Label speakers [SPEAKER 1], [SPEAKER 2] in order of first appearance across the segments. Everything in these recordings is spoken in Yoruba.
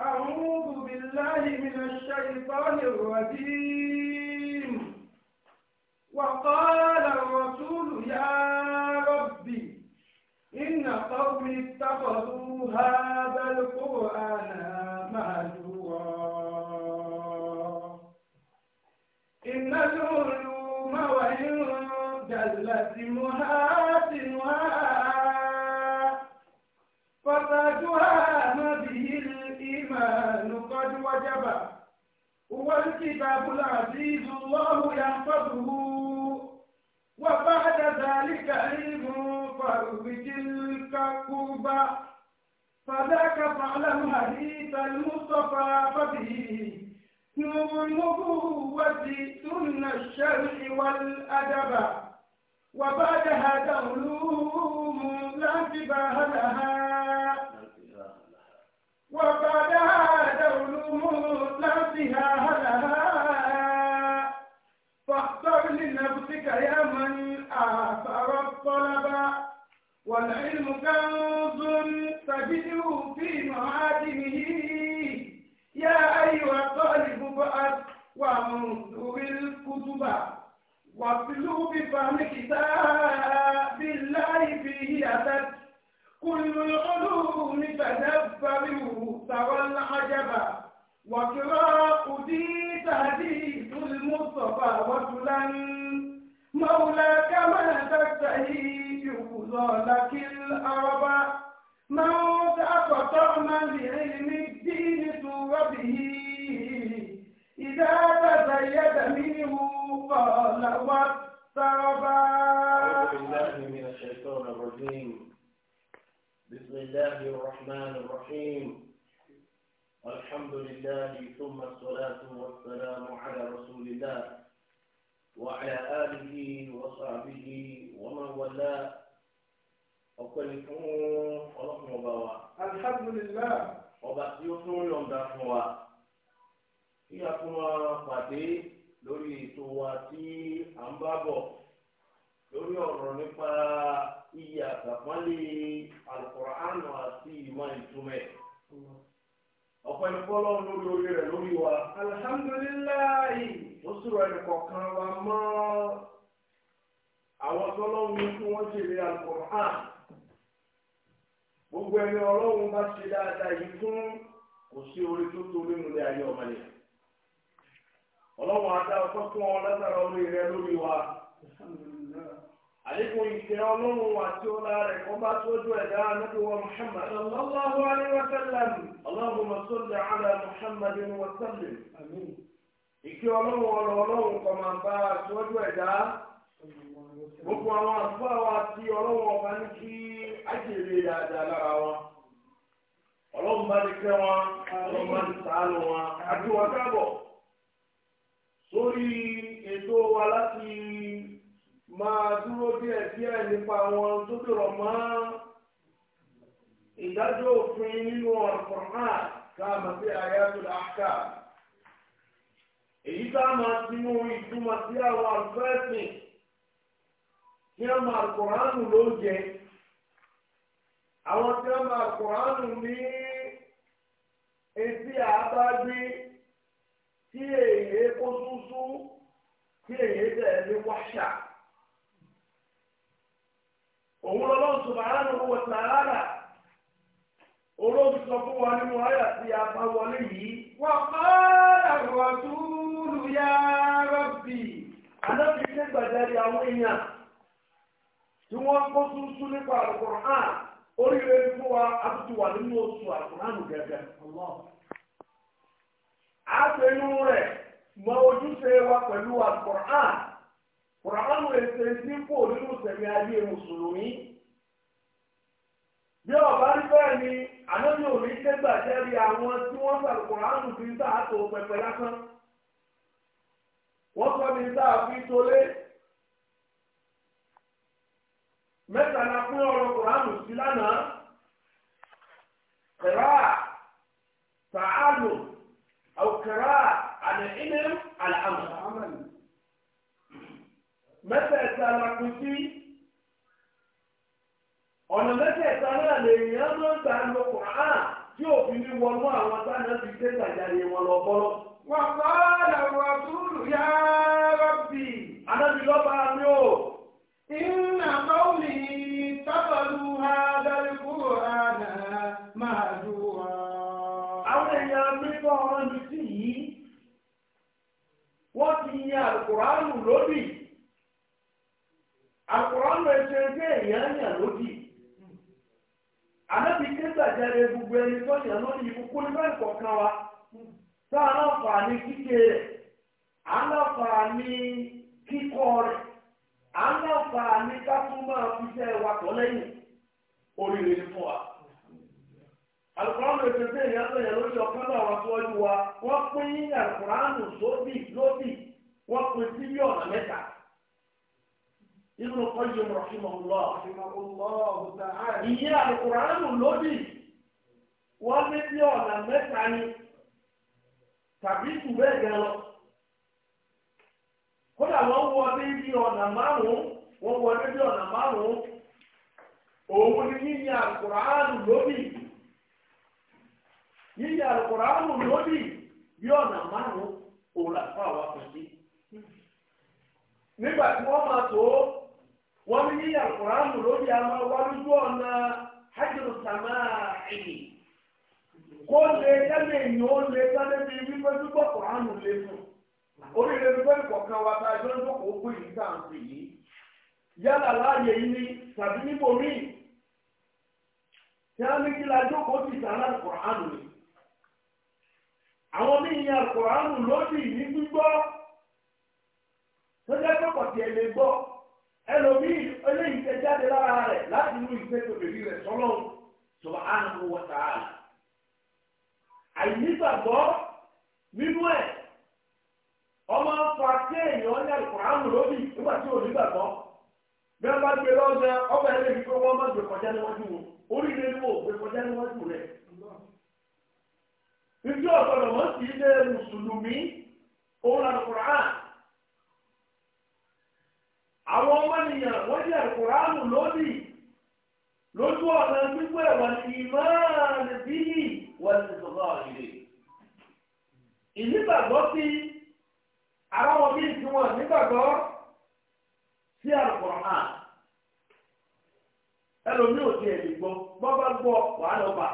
[SPEAKER 1] أعوذ بالله من الشيطان الرجيم وقال الرسول يا ربي إن قومي اتخذوا هذا القرآن هو الكتاب العزيز الله يحفظه وبعد ذلك ينفر بتلك القربى فذاك فعل حديث المصطفى فبه نور النبوة سن الشرع والأدب وبعدها علوم لا انتباه لها وبعدها نفس نفسها هلها فاختر لنفسك يا من آثر الطلب والعلم كنز تجده في معادنه يا أيها الطالب بأس وانظر الكتب واطلب بفهم كتاب الله فيه أتت كل العلوم تدبره ترى العجب وقراء دي تهديد المصطفى وكلا مولاك ما تستهيج ظلك الأربع من تأقطعنا لعلم الدين سوى به إذا تزيد منه قال واقتربا بالله من الشيطان الرجيم بسم الله الرحمن الرحيم الحمد لله ثم الصلاة والسلام على رسول الله وعلى آله وصحبه ومن والاه ọpẹlẹ fún ọlọ́pàá ọba wa. alhamdulilah. ọba tí ó tún yọ̀ǹda fún wa. kí a tún máa pàdé lórí ètò wa tí à ń bá bọ̀ lórí ọ̀rọ̀ nípa iye àtàpọ́nlé alukọ̀ránù àti ìmọ̀ ìtumẹ̀. ọ̀pọ̀ ẹni fọ́lọ́ lórí orí rẹ̀ lórí wa. alihamudulilayi. ó sọ̀rọ̀ ẹnì kọ̀ọ̀kan wa mọ́ àwọn tọ́lọ́hún ní kí wọ́n jèrè alukọ̀rán. gbogbo ẹni ọlọ́run bá ṣe dáadáa yìí fún kò sí orí tó torí nílé ayé ọmọlẹ̀. ọlọ́run adá ọkọ̀ fún ọ àlékún ìfẹ́ ọlọ́run àti ọlá rẹ̀ kọ́ bá tójú ẹ̀dá anábíwá muhammad sallallahu alayhi wa sallam allahumma salli ala muhammadin wa sallim Ike ọlọ́run ọ̀rọ̀ ọlọ́run kọ́ máa bá tójú ẹ̀dá gbogbo àwọn ọlọ́run ọba ní kí dáadáa lára wọn ọlọ́run bá ti kẹ́ wọn ọlọ́run bá ti sàánù wọn àti wọn káàbọ̀ sórí máa dúró díẹ̀ díẹ̀ nípa àwọn tó dọ̀rọ̀ mọ́ ìdájọ́ òfin nínú Al-Qur'an káàmà sí ayatul ahkam. èyí táàmà sínú ìtumọ̀ sí àwọn tí wọ́n máa al ló jẹ àwọn tí a máa al ní etí àbábí tí èyí kó súnsún tí èyí òun lọ́lọ́run subhanahu wa ta'ala olóòtú sọ fún wa nínú ya tí a bá wọlé yìí. wà á àwọn àtúrù ya rọ́bì. ànábi gbàjáde àwọn èèyàn tí wọ́n kó túnṣú nípa Al-Qur'an oríire fún wa àtúntò wà nínú oṣù Al-Qur'an gẹ́gẹ́. rẹ̀ mọ ojúṣe wa pẹ̀lú kùránù ètò ìdínkù nínú sẹ̀mí ayé mùsùlùmí. bí ọba rí bẹ́ẹ̀ ni ànábì òní tẹ́gbàjẹ́ rí àwọn tí wọ́n sàlù kùránù fi ń sáà tó pẹpẹ lásán. wọ́n sọ ní sáà fi tolé. mẹ́ta la pín ọ̀rọ̀ kùránù sí lánàá. kẹ̀rá tààlù àwòkẹ̀rá àlẹ́ ìnẹ́ mẹ́tẹ̀ẹ̀ta la kú sí ọ̀nà mẹ́tẹ̀ẹ̀ta náà lè yàn máa ń ta ló Kùránì tí òfin ní wọnú àwọn táná ti dé tàjáde wọn lọ bọ́lọ́. wà á lọ rọ̀túrù yá àjẹrẹ gbogbo ẹni tó yàn lórí ìbùkún ní bẹ́ẹ̀ kọ̀ọ̀kan wa tá a náà fà ní kíkẹ́ rẹ̀ a náà fà ní kíkọ́ rẹ̀ a náà fà ní kátúmọ̀ fífẹ́ wa tọ́ lẹ́yìn oríire ní fún wa. Àlùkùránù ètò ìpín ìyá tó yẹ lórí ọ̀kan náà wá síwájú wa wọ́n pín àlùkùránù sóbì lóbì wọ́n pín sí bí ọ̀nà mẹ́ta. Ibn Qayyim rahimahullah. Ìyẹ́ àlùkùránù lóbì wọ́n lé sí ọ̀nà mẹ́ta ni tàbí jù bẹ́ẹ̀ gẹ lọ. kódà wọ́n wọ débi ọ̀nà márùn-ún wọ́n wọ débi ọ̀nà márùn-ún òun ni yíyí àkùránù lóbì yíyí àkùránù lóbì bí ọ̀nà márùn-ún òun làkọ́ àwọn akọ̀ṣe. nígbà tí wọ́n máa tó wọ́n ní yíyí àkùránù lóbì a máa wá lójú ọ̀nà hajj sàmáà ẹ̀yìn. kó lè jẹ́lẹ̀ o ó lè jẹ́lẹ̀ bí wípé gbígbọ́ kùránù lè fún oríire gbígbé kọ̀ọ̀kan wa ta ẹjọ́ nígbà kó gbé yìí dáhùn sí yìí yálà láàyè yìí ni a ní kí la jókòó ti sàrà àwọn míì ní lè gbọ ẹlòmíì tẹ jáde lára láti àìnígbàgbọ́ nínú ẹ̀ ọmọ afa tí èèyàn ní àlùkòránù lórí nígbà tí ò nígbàgbọ́ bí wọ́n bá gbé lọ́jà ọgbà ẹ̀ lẹ́yìn pé wọ́n má gbé kọjá níwájú wọn oríire ni wọ́n gbé kọjá níwájú rẹ̀. ìdí ọ̀gbọ́dọ̀ mọ́ sí ilé mùsùlùmí òun àlùkòránù àwọn ọmọnìyàn wọ́n jẹ́ àlùkòránù lórí lójú ọ̀nà gbígbó ẹ̀wọ̀n ìmáàlì bíyì wọ́n ti sọ̀rọ̀ ìlè. ìnígbàgbọ́ sí àwọn ọmọ bíi tí wọ́n nígbàgbọ́ sí Al-Qur'an ẹlòmíì ò tiẹ̀ lè gbọ́ bọ́ bá gbọ́ wàá lọ bà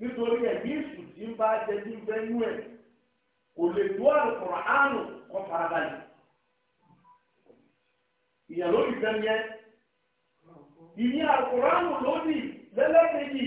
[SPEAKER 1] nítorí ẹ̀ ní ìsù tí ń bá jẹ tí ń bẹ́ nú ẹ̀ kò lè tó Al-Qur'an kọ́ farabalẹ̀ ìyàlóyìn fẹ́ yẹn ìní Al-Qur'an lódì lẹ́lẹ́kẹ̀jì.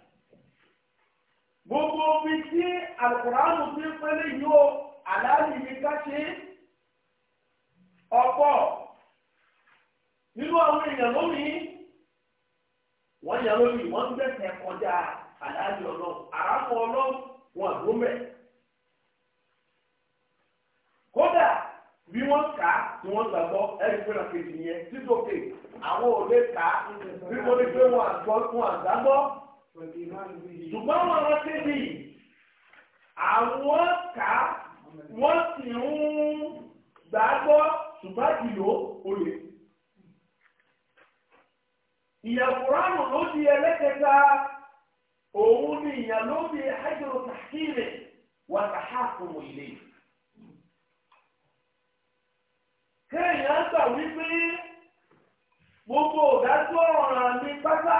[SPEAKER 1] gbogbo omi tí alukuraanu ahụ pẹ́lẹ́ yìí o aláàlì ká ṣe ọ̀pọ̀ nínú àwọn èèyàn lónìí wọ́n yàn lónìí wọ́n ń gbẹ̀sẹ̀ kọjá aláàlì ọlọ́run àràpọ̀ ọlọ́run wọn àdó mẹ́. kódà bí wọ́n kà á tí wọ́n gbàgbọ́ ẹ̀rí fúnra kejì yẹn títòkè àwọn ṣùgbọ́n wọn lọ síbi àwọn ká wọ́n sì ń gbàgbọ́ ṣùgbọ́n ìlò olè. ìyàkùránù ló di ẹlẹ́kẹta òun ni ìyà ló di hajjọ́rò tàkìrì wà tàhàkùrù ilé. kéèyàn gbà wípé gbogbo ìdájọ́ ọ̀ràn mi pátá.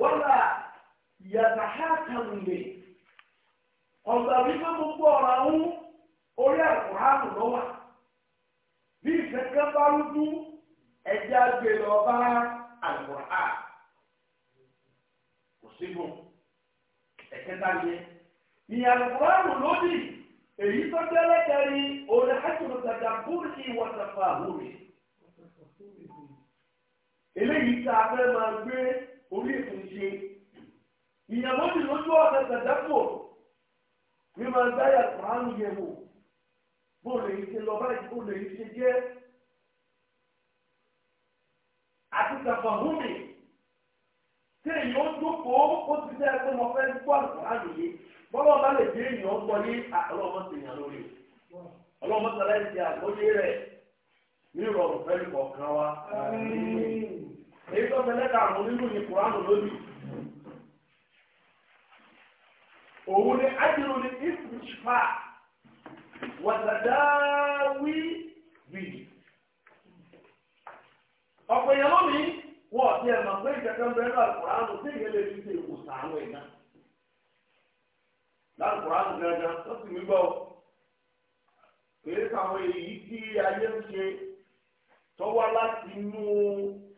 [SPEAKER 1] wọ́lá yàtà hákàmù lè ọ̀gbà wípé gbogbo ọ̀rọ̀ àwọn orí àkùránù lọ́wọ́ bí ìfẹ́kẹ́ bá rúdú ẹ̀jẹ̀ àgbè lọ bá àlùkùrá kò síbò ẹ̀kẹ́ta yẹ ìyàlùkùránù lódì èyí tó jẹ́ lẹ́tẹ̀rí orí hajjùlù tàdàbùrì ìwọ̀sàfà àwòrì eléyìí tá a fẹ́ máa gbé orí ètò ìṣe ìyàwó mi lójú ọ̀sẹ̀ tẹ̀dẹ́pò mi máa ń dáyà kùránù yẹ̀ wò bó lè ṣe lọ báyìí bó lè ṣe jẹ́ àti tàfàhùnmí tí èyí ó dúpọ̀ ó ti dẹ́ ẹgbẹ́ mọ fẹ́ gbọ́ àkùránù yìí bọ́lá ọba lè dé èyí ó gbọ́ ní àlọ́mọ tèèyàn lórí ọlọ́mọ tẹ̀lé ti àgbọ́yé rẹ̀ ní ìrọ̀rùn fẹ́ kọ̀ọ̀kan wa. èyí tó fẹ́ lẹ́ka àwọn onírú n'obi owu lónìí òun ni ájúrò ní ìfúnṣfà wàtàdáwí bì ọ̀pọ̀ èèyàn lónìí wọ́n ọ̀tí ẹ̀ mọ̀ pé ìkẹ́kẹ́ ń bẹ̀rẹ̀ àkùránù tí ìyẹn na fi ṣe ìwòsàn aga ya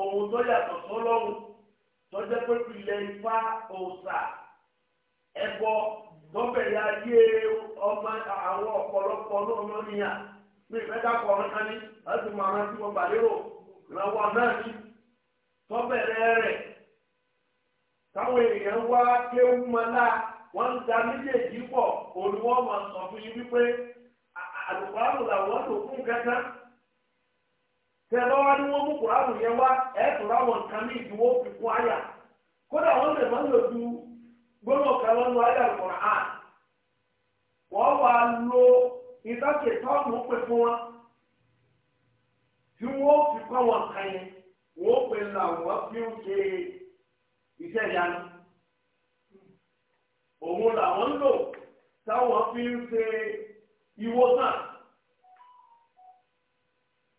[SPEAKER 1] ohun tó yàtọ̀ sọ́lọ́run tó jẹ́ pé ilẹ̀ ifá òòṣà ẹ̀bọ lọ́bẹ̀rẹ̀ ayé ọmọ àwọn ọ̀pọ̀lọpọ̀ náà lọ́nìyà ní ìfẹ́dàpọ̀ ọ̀nà ní láti mọ àwọn tí wọ́n gbà ìrànwọ́ náà ní tọ́bẹ̀rẹ̀ rẹ̀ táwọn èèyàn wá kéwú mọ́lá wọ́n ń da méjèèjì pọ̀ olùwọ́ máa sọ fún yín wípé àlùkò àlùlà wọ́n lò fún kẹta. tẹ̀lé wa ni wọ́n mú kùránù yẹn wá ẹ̀ẹ́dùn láwọn nǹkan ní ìdúró fífún àyà kódà wọ́n lè máa ń lò ju gbọ́dọ̀ kan lọ́nu àyà a wọn lo wa wọn pè fi ń ṣe iṣẹ́ ìyanu òun lò táwọn fi ń ṣe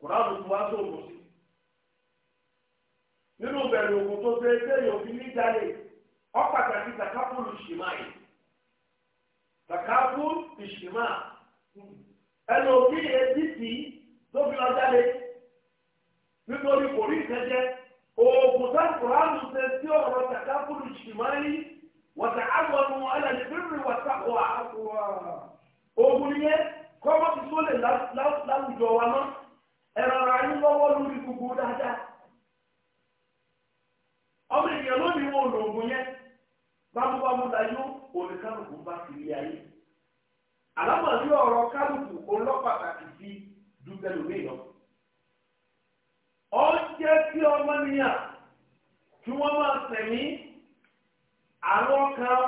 [SPEAKER 1] kùránù tó wá sóògùn sí nínú bẹ̀rù ògùn tó ṣe é déyìn òfin ní jalè ọ̀pàtàkì takapulu ṣìmáì takapulu ìṣìmá ẹnu òfin etí tì í lóbi lọ jalè nítorí kò rí ìtẹ́jẹ́ ògùn tó kùránù ṣe sí ọ̀rọ̀ takapulu ṣìmáì wọ̀tà àwọn ọmọ alẹ́ bíbí wọ̀tà wà á wà. ògùn yẹn kọ́mọ́tì tó lè láwùjọ wa náà. ọlọ́run ikuku gbogbo dáadáa ọmọ ènìyàn lónìí wọn ò lò ògùn yẹn bámúbámú la òní kálukú bá fi ayé àlámọ̀lú ọ̀rọ̀ kálukú olọ́pàtàkì sí dúpẹ́lú mi lọ. ó jẹ́ ọmọ nìyà máa kan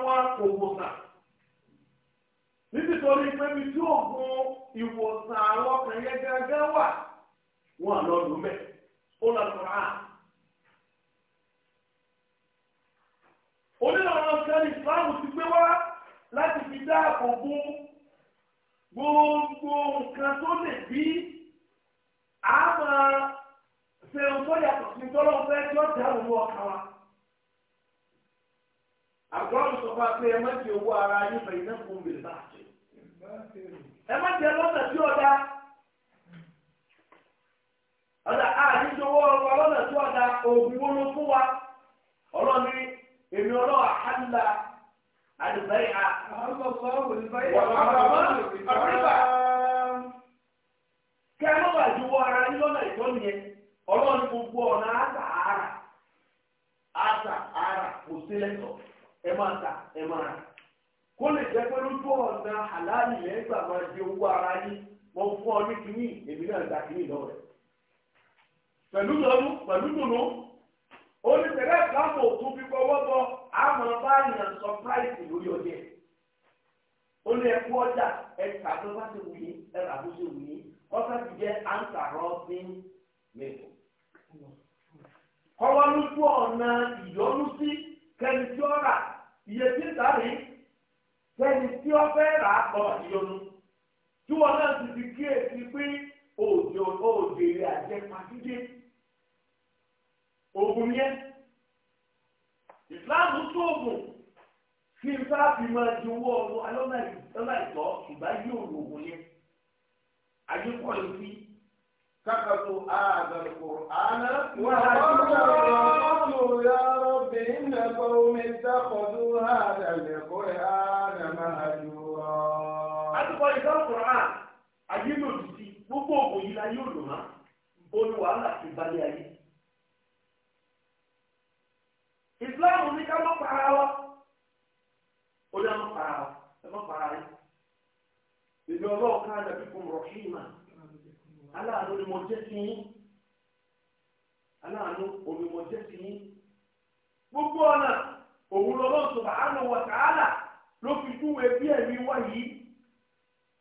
[SPEAKER 1] wá mi wọn àná ọdún mẹ ó lọ sọ̀rọ̀ à. onílànà kan ìsìláàmù ti gbé wá láti fi dáàbò bo gbogbo nǹkan tó lè bí àmà ṣe ń sọ yàtọ̀ sí tọ́lọ́fẹ́ tí ó dá òun ọkàn wa. àgọ́ àwọn sọ fún wa pé ẹ má ti owó ara yín bẹ̀rẹ̀ náà fún mi bá a ṣe. ẹ má ti ẹ lọ́sẹ̀ tí ọ̀dà. ọ̀dà a ọ̀rọ̀ lọ́nà tó ọ̀dà òògùn wo ló fún wa ọlọ́ni èmi ọlọ́wà hàlà àdìbẹ́yà. kẹ́ ẹ má bàa ara yín lọ́nà ìtọ́ nìyẹn ọlọ́ni gbogbo ọ̀nà àtà ara àtà ara kò sí lẹ́tọ̀ ẹ máa ẹ máa rà kó lè jẹ́ pé lójú ọ̀nà àlàyé máa di owó ara yín fún ọ ní kínní èmi náà gba kínní lọ́wọ́ rẹ̀. pẹ̀lú lọ́dún pẹ̀lú dùnú ó ní tẹ̀lé ìlànà òtún fi kọ́wọ́ bọ́ àmọ́ báyìí sọpráìsì lórí ọjẹ́ ó ní ẹkú ọjà ẹ̀ka tó bá ti wùyí ẹ̀ka tó ṣe wùyí ọ̀sán ti jẹ́ àǹtà rọ́ọ̀sìn mẹ́kọ̀ọ́ kọ́wọ́ ló kú ọ̀nà ìyọnu sí kẹ́ni tí ó rà iye tí ń tàbí kẹ́ni tí ó fẹ́ rà ọ̀nà ìyọnu tí wọn náà ti fi kíyèsí pé òjò òjò rẹ̀ àjẹpàdé. ogun yẹn islam tó ogun kí n bá fi máa di owó ọdún aláìtọ́ ṣùgbọ́n yóò lo ogun yẹn àyíkọ́ yìí fi kákàtó àgàlùkò àná. wà á ti sọ ọ́ ya rọ́bì iná kọ́ omi dákọ̀dú àdàlẹ́kọ́ jù lòdì sí gbogbo ogun yìí la yóò lò ti balẹ̀ Islam ní ká má para wa ó ní a má para wa ẹ má para yín ìlú ọlọ́run ká dàbí fún rọ̀ṣìmà aláàánú ni mo jẹ́ sí yín aláàánú omi mo jẹ́ sí yín gbogbo ọ̀nà òun lọ́lọ́run subhanahu wa ta'ala ló fi júwe bí ẹ̀mí wá yìí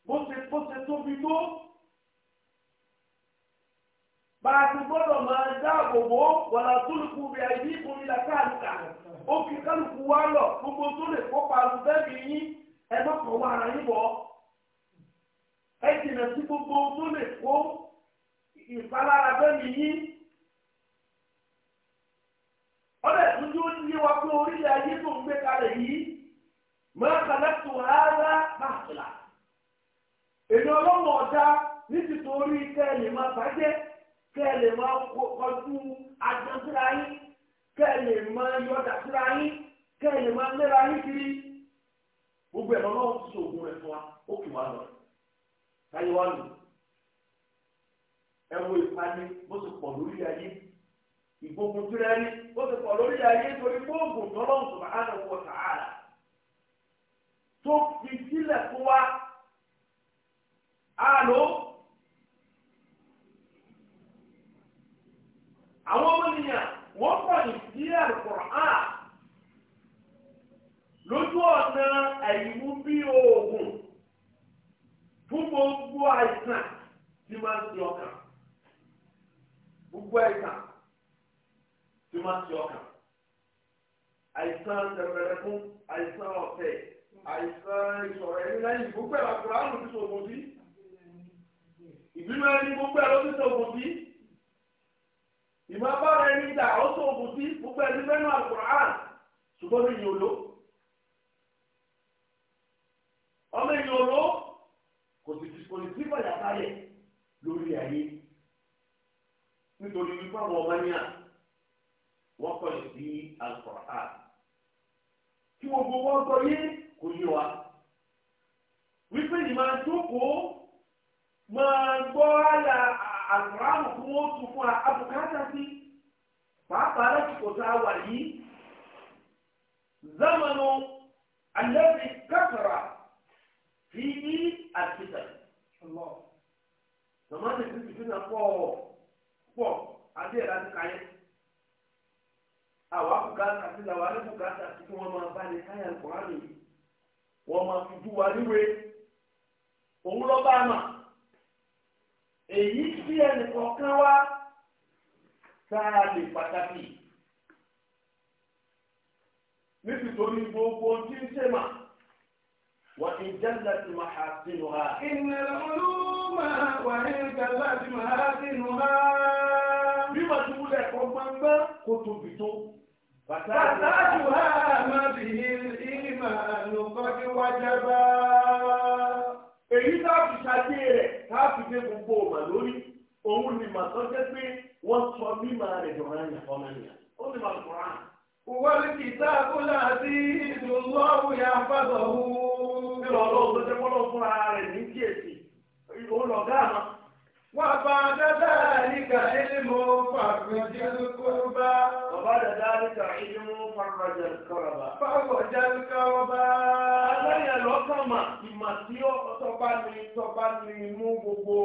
[SPEAKER 1] bó ṣe tó ṣe tó bàtí gbọ́dọ̀ máa dáàbò bò wàlá tólùkù bí ayé ìbò ní làkàlùkà ó fi kálukú wá lọ gbogbo tó lè kópa àlùbẹ́ẹ̀bì yín ẹ má kàn wá ara yín bọ̀ ẹ jìnà sí gbogbo tó lè kó ìpalára bẹ́ẹ̀bì yín ọ̀rẹ́ tuntun ó yé wa pé orílẹ̀ ayé tó ń gbé kalẹ̀ yìí máa kàlẹ́ tó rárá máa tìlà èdè ọlọ́mọ ọ̀dá ní ti torí kẹ́ẹ̀lì máa bàjẹ́ kẹ́ ẹ lè máa kọjú ajọ́ síra yín kẹ́ ẹ lè máa yọ̀dà síra yín kẹ́ ẹ lè máa lẹ́ra yín kiri gbogbo ẹ̀ lọ́wọ́ ti sògùn rẹ̀ fún wa ó kì wá lọ káyé wá lò ẹ wo ìpani bó ti pọ̀ lórí ayé ìgbógun tí rẹ̀ rí bó ti pọ̀ lórí ayé torí gbóògùn tọ́lọ́hùn subhanahu wa ta'ala tó fi sílẹ̀ fún wa àlọ́. àwọn ọmọ nìyàn wọ́n kọ̀yìn sí àlùkùránì lójú ọ̀nà àìmú bí oògùn fún gbogbo àìsàn tí máa ń ti ọkàn gbogbo àìsàn tí máa ń ti ọkàn àìsàn tẹ̀pẹ̀rẹ̀ fún àìsàn ọ̀tẹ̀ àìsàn ìṣọ̀rọ̀ ẹni lẹ́yìn gbogbo ẹ̀ làkùrọ̀ àrùn ti sọ̀gbọ̀n sí ìbímọ ẹni gbogbo ẹ̀ ló ti sọ̀gbọ̀n sí ìmọ̀ abáwọn ẹni ìdá ọ̀sọ̀ òkùtì gbogbo ẹni fẹ́ náà Al-Qur'an ṣùgbọ́n mi yòó ló ọmọ yòó ló kò sì kò sì sí ìfọ̀yà káyẹ̀ lórí ayé nítorí wípé àwọn ọmọ yẹn wọ́n kọ́ lè sí Al-Qur'an kí gbogbo wọn gbọ́ yé kò yé wa wípé ìmọ̀ àjókòó máa gbọ́ àyà àlùkòránù tí wọ́n tún fún wa abùkátà sí pàápàá lásìkò tá a wà yìí zamanu alẹ́bí kẹfàrà fi ní àtìtà tòmátì tí ti fi náà pọ̀ pọ̀ àti ẹ̀rọ àti káyẹ́ àwọn abùkátà sí làwọn alẹ́bùkátà sí kí wọ́n máa bá ní káyà àlùkòránù yìí wọ́n máa fi dúwa níwèé òun lọ́ bá a mà èyí tí ẹnìkọ̀ọ̀kan wá tá a lè pàtàkì nítorí gbogbo tí ń ṣe mà wà ní jẹ́lẹ̀ tí mà á sínú ha. ìnira olúmọ wà ní jẹ́lẹ̀ tí mà á sínú ha. bí wàá ti wúlẹ̀ kọ́ gbangba kó tóbi tó. pàtàkì ha máa bì í ìmọ̀ àlùkọ́ tí wájà bá. èyí tá a fi ṣàdé rẹ̀. káàfin dé gbogbo ọmọ lórí òun ni màá sọ jẹ́ pé wọ́n sọ mímọ rẹ̀ dùn án yàn fọ́nà yàn ó sì máa sọ̀rọ̀ ya nfazọ العزيز الله يحفظه. Ìrọ̀lọ́ ọ̀sán jẹ́ kọ́lọ́ fún ara rẹ̀ ní وبعد ذلك علم فرج الكربى وبعد ذلك علم فرج الكربى فرج الكربى lẹ́yìn ẹ̀lọ́kàmà ìmọ̀ tí ọ̀tọ́ba ni tọ́ba ni mú gbogbo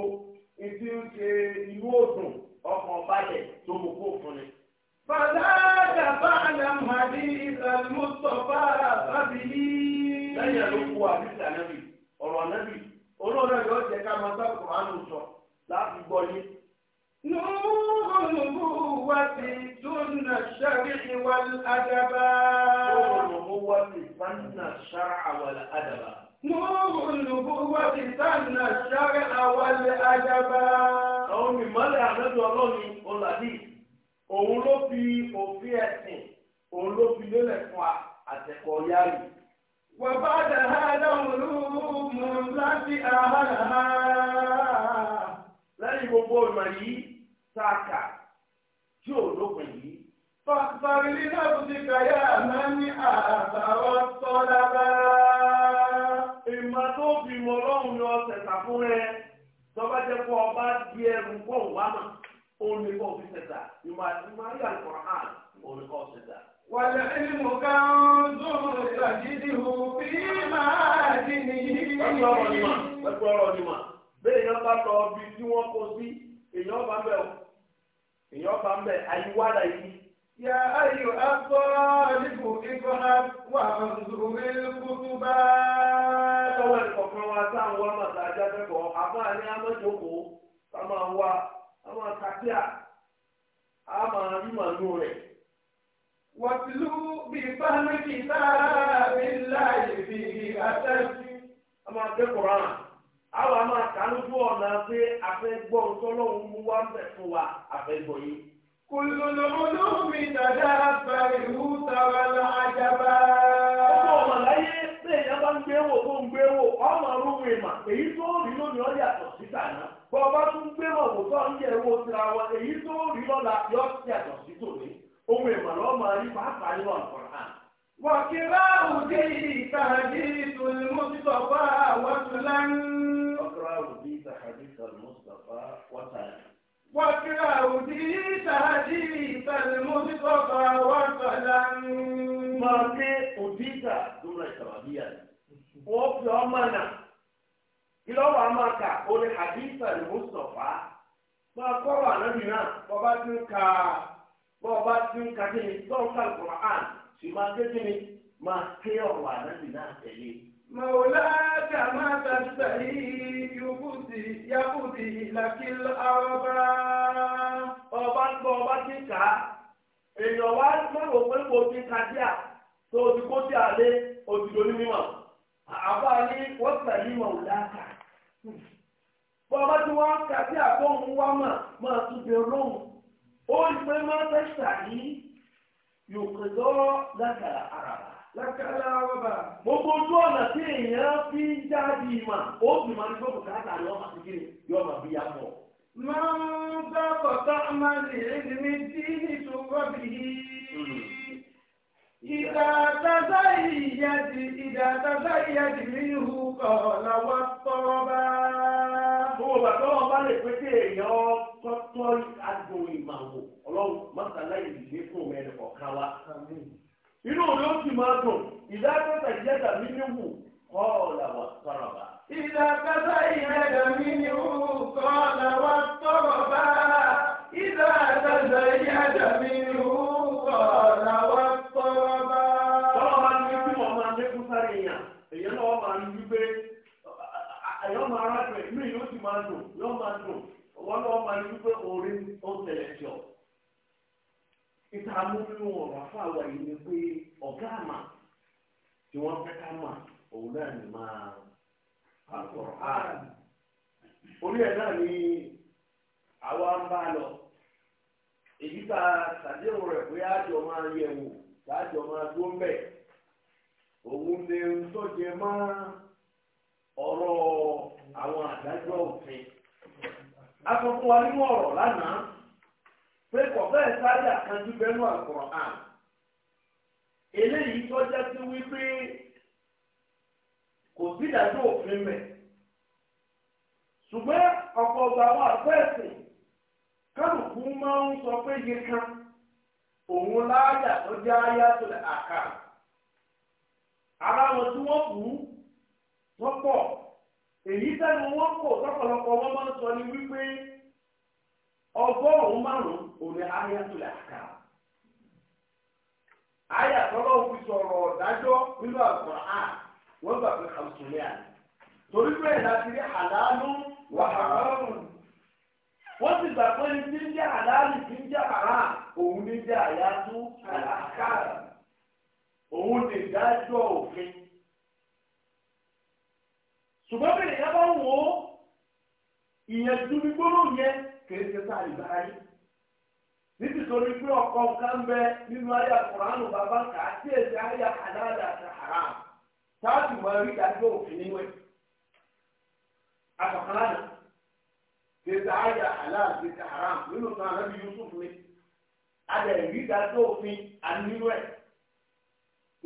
[SPEAKER 1] ìdí ń ṣe ìlú òdùn ọkàn balẹ̀ tó mú kó fún ni. fàdákà bá àdàmàdì ìsàlùmọ́tòfà sábìlì. lẹ́yìn ẹ̀lọ́kù àbísà nábì ọ̀rọ̀ nábì olóòrè yóò jẹ́ ká máa láti gbọ́ yé. Nùrùmù wá sí Súnà Ṣáríì wà ládàbà. Nùrùmù wá sí Súnà Ṣáríì wà ládàbà. Nùrùmù wá sí Súnà Ṣáríì wà ládàbà. Àwọn ìmọ̀lẹ̀ àmẹ́jọ ọlọ́run ọ̀làdì, òun ló fi òfin ẹ̀sìn, òun ló fi lélẹ̀ fún wa àtẹ̀kọ̀ yáàrì. Wàbá dàhádà òun ló láti àhàlà lẹ́yìn gbogbo ọ̀nà yìí sáàkà tí ò lópin yìí. Fàtàrí nínú àtúntí kàyà máa ní àtàwọn tọ́lá bá. Ìmọ̀ tó fi mọ ọlọ́run ni ọ̀sẹ̀ tàfún rẹ. Tọ́ba jẹ́ kó ọba di ẹrù pọ̀ wá mà. Òun ni kò fi ṣẹ̀dá. Ìmọ̀ àti Máríà Kọ̀hán òun ni kò ṣẹ̀dá. Wàlẹ̀ ìlú kan dùn ìtàgídì hù bí máa dì ní. Pẹ̀lú ọ̀rọ̀ ni mà. Pẹ̀lú ọ̀rọ̀ ni mà. bẹ́ẹ̀ èèyàn bá lọ bí tí wọ́n kó sí èèyàn bá ń bẹ̀ èèyàn bá bẹ̀ àyíwádà yìí. يا أيها الطالب وانظر wa tá à ń wá màtá ajá k'ama àmọ́ àní amájókòó, ká máa wá, ká bi kàtíà, á máa rí màánú A àwọn àmọ́ àkànújú ọ̀nà pé àfẹ́gbọ́ ntọ́lọ́hún mú wá ń bẹ̀ fún wa àfẹ́gbọ́ yìí. kùlùlù olómi dàda bẹ̀rẹ̀ ìlú tàwa la àjàbá. ọmọ ọmọ láyé pé èèyàn bá ń gbé wò tó ń gbé wò ọmọ ọlọ́run ìmà èyí tó rí lónìí ọ yàtọ̀ síta náà bọ́ ọba tún gbé wò wò tó ń yẹ wo tira wọn èyí tó rí lọ́la yọ yàtọ̀ sí tòní ohun ìmọ̀ lọ́mọ rí pàápàá وقراء في تحديث المصطفى وصلا وقراء في تحديث المصطفى وصلا وقراء في تحديث المصطفى وصلا Mọ̀lẹ́ òdìdà lórí ìtàwàbíyà ni. Wọ́n fi ọmọ náà. Ìlọ́wọ́ a máa kà orí àdìsà ni ó sọ̀fà. Máa kọ́rọ̀ ànábì náà bọ́ba ti ń ka bọ́ba ti ń ka kí ni bọ́ọ̀ ká Kùrán sì máa ni máa ké ọ̀rọ̀ ànábì náà tẹ̀lé. màwùlá kàmá tàbí yòókùtì yàkùtì ìlàkìlọ àrọ́bà. ọba gbọ́ ọba ti kà á èèyàn wá mọ̀rọ̀ pé kò ti ka díà tó o ti kó díà lé òdìdó ní mímọ̀ àbá ní wọ́n tẹ̀lé màwùlá kà á bọ́ọ̀bá tí wọ́n kà sí àkóhùn wa mà máa tún bẹ ọlọ́run ó rí máa fẹ́ sàyí yòkòtò lákàlà àràbà. lákàlà àràbà. gbogbo ojú ọ̀nà tí èèyàn fi ń jáde ìmọ̀ ó sì máa ń gbọ́dọ̀ káàkà ni máa fi kiri yọ ọmọ bí yá máa ń dábọ̀ máa lè rí ní tí nítorí إذا تزيد إذا تزيد منه قال واضطربا. Gbogbo bàtọ́ wọn bá lè pété èèyàn tọ́tọ́ àgbo ìmàwò ọlọ́run mọ́sálá ìdílé fún ọmọ ẹni kọ̀ọ̀kan wa. Inú òde ó sì máa dùn ìdá tọ́tà ìjẹ́ta mi níwù kọ́ ọ̀là wà sọ̀rọ̀bà. Ìdá tọ́tà ìjẹ́ta mi níwù kọ́ ọ̀là wà sọ̀rọ̀bà. Ìdá tọ́tà ìjẹ́ta ara rẹ̀ inú yìí ó sì máa dùn yóò máa dùn ọwọ́ náà máa ní wípé orí ó tẹ̀lé jọ. Ìta mú ọ̀rọ̀ afáwà yìí ni pé ọ̀gá àmà tí wọ́n fẹ́ ká mà òun náà ní máa àtọ̀rọ̀ Orí ẹ̀ náà ni àwa ń bá lọ. Èyí rẹ̀ pé àjọ máa wò láàjọ àwọn àdájọ́ òfin. a sọ fún wa nínú ọ̀rọ̀ lánàá pé kọ̀ọ̀bẹ́ẹ̀ sáré àkànjú bẹ́nu àkùrọ̀ àn eléyìí tó jẹ́ sí wípé kò sí ìdájọ́ òfin mẹ́ ṣùgbọ́n ọ̀pọ̀ ọgbà àwọn àpẹ́ẹ̀sìn kálukú máa ń sọ pé yìí kan òun láàyà tó jẹ́ àyà tó lè àkà ara wọn tí wọ́n kú wọ́n pọ̀. èyí sẹ́nu wọn kò sọ́pọ̀lọpọ̀ wọn máa ń sọ ní wípé ọgọ́rùn-ún márùn-ún òní ayatul ahkam ayatollah fi sọ̀rọ̀ ọ̀dájọ́ nínú Al-Qur'an wọ́n gbà pé kàmsùlẹ̀ àná torí pé rí wà wọ́n ti gbà pé ní ń jẹ́ ti ń jẹ́ òun ní jẹ́ ṣùgbọ́n bẹ̀rẹ̀ yá bá ń wò ó ìyẹn dúdú gbóló yẹn kìí ṣe ọkọ kan bẹ nínú àyà kùránù bàbá kà á sí èsì àti haram táàbì mọ ẹrí ìdájọ́ òfin nínú ẹ àtọkànlá kìí ṣe àti haram nínú sàn àbí Yusuf mi àdà ẹrí òfin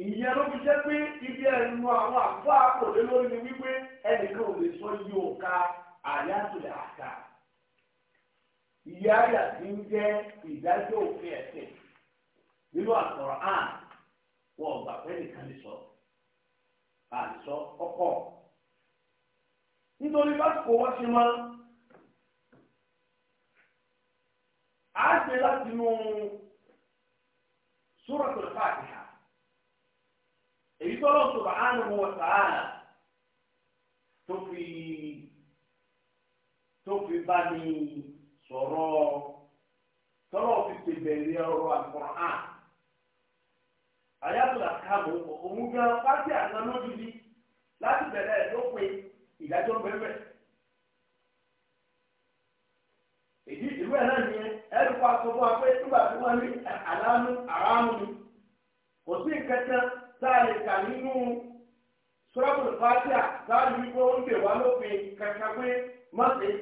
[SPEAKER 1] ìyẹn ló fi pé ibi ẹnu àwọn àbúrò àpòlé lórí ni wípé ẹnìkan ò lè sọ iye òǹkà àyàtúlẹ̀ àká ìyá àyà ti ń jẹ́ ìdájọ́ òfin ẹ̀sìn nínú àtọ̀rọ̀ àn wọn gbà pé nìkan lè sọ àìsọ ọkọ nítorí lásìkò Eyi tọ́lọ̀ subhanahu wa ta'ala tó fi tó fi bá ní sọ̀rọ̀ tọ́lọ̀ fi ti bẹ̀rẹ̀ ọ̀rọ̀ al-Qur'an àyàtọ̀lá gan pátí àná lójú ni láti bẹ̀rẹ̀ ẹ̀ Eji ìdájọ́ bẹ̀rẹ̀. èyí ìlú ẹ̀ náà nìyẹn ẹ̀rù pa sọ fún wa pé nígbà tí táàlì kà nínú sọ́ọ̀bù fàtíà táàlì wípé ó ń bè wá lópin kankan pé mọ́tẹ́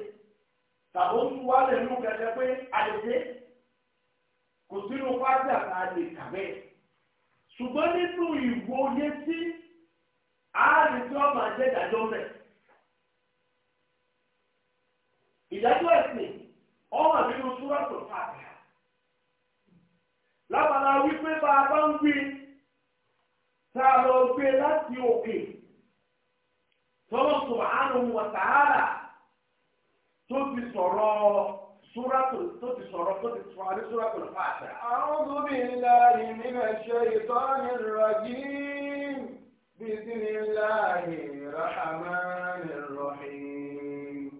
[SPEAKER 1] tàbó ń wá lè mú kankan pé àlèṣe kò sínú fàtíà táàlì kà bẹ́ẹ̀. ṣùgbọ́n nínú tí tí wọ́n máa jẹ́ ìdájọ́ mẹ́. ìdájọ́ ẹ̀sìn ọmọ nínú lábàlá wípé bá a bá ń تعالوا بلاد يوكي صلى سبحانه وتعالى تبي صلاة سورة تبي صلاة تبي صلاة سورة الفاتحة أعوذ بالله من الشيطان الرجيم بسم الله الرحمن الرحيم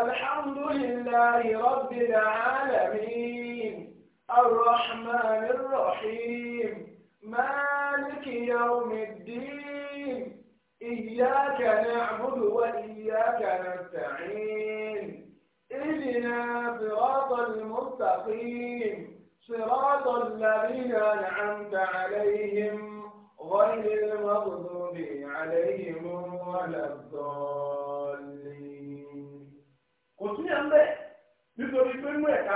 [SPEAKER 1] الحمد لله رب العالمين الرحمن الرحيم مالك يوم الدين إياك نعبد وإياك نستعين إهدنا صراط المستقيم صراط الذين أنعمت عليهم غير المغضوب عليهم ولا الضالين. kò sí ẹ̀ ń bẹ̀ nítorí pé mú ẹ̀ka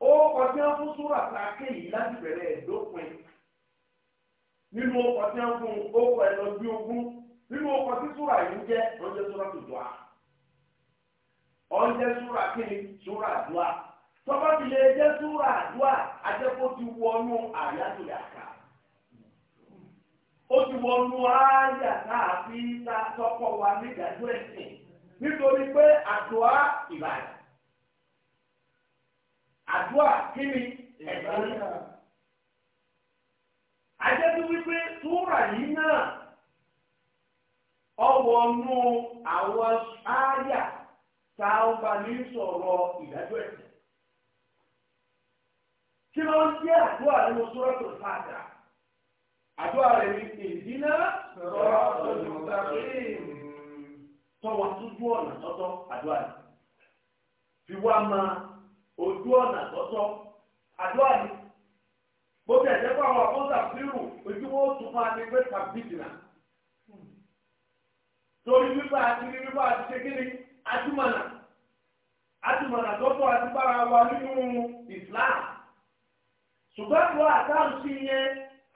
[SPEAKER 1] ó kọjá fún súrà tá a ké yìí láti bẹ̀rẹ̀ ẹ̀dópin nínú ọkọ̀ tí fún ó ẹ̀ lọ bí ogún nínú ọkọ̀ tí súrà yìí jẹ́ ọjọ́ súrà tó dùn á ọjọ́ súrà kíni súrà dùn á lè jẹ́ súrà dùn ti àyájọ́lẹ̀ àká ó ti wa nígbàdúrà ẹ̀sìn nítorí pé àdùá ìbàdàn. àdúrà kí ni ẹ̀sán náà. ajẹ́bí wípé túwúrà yìí náà ọwọ́ nú àwọn ááyà tá a bá ní sọ̀rọ̀ ìdájọ́ ẹ̀sìn. kí ló ń jẹ́ àdúrà nínú sọ́rọ́tò fàdà? àdúrà rẹ̀ ní ìdínà sọ̀rọ̀ ọ̀dùnkà pé tọwọ́ tó dún ọ̀nà tọ́tọ́ àdúrà rẹ̀ fi wá máa. ojú ọ̀nà tọ́tọ́ àdúrà ni bó ti ẹ̀jẹ̀ fún àwọn àkọ́ńtà fírù ojú wọn tún fún agbègbè tàbídìnà torí wípé àti wípé àti ṣe kíni àtúmọ̀nà tọ́tọ́ àti bára wa nínú Islam ṣùgbọ́n àti wọ́n àtàǹsí yẹn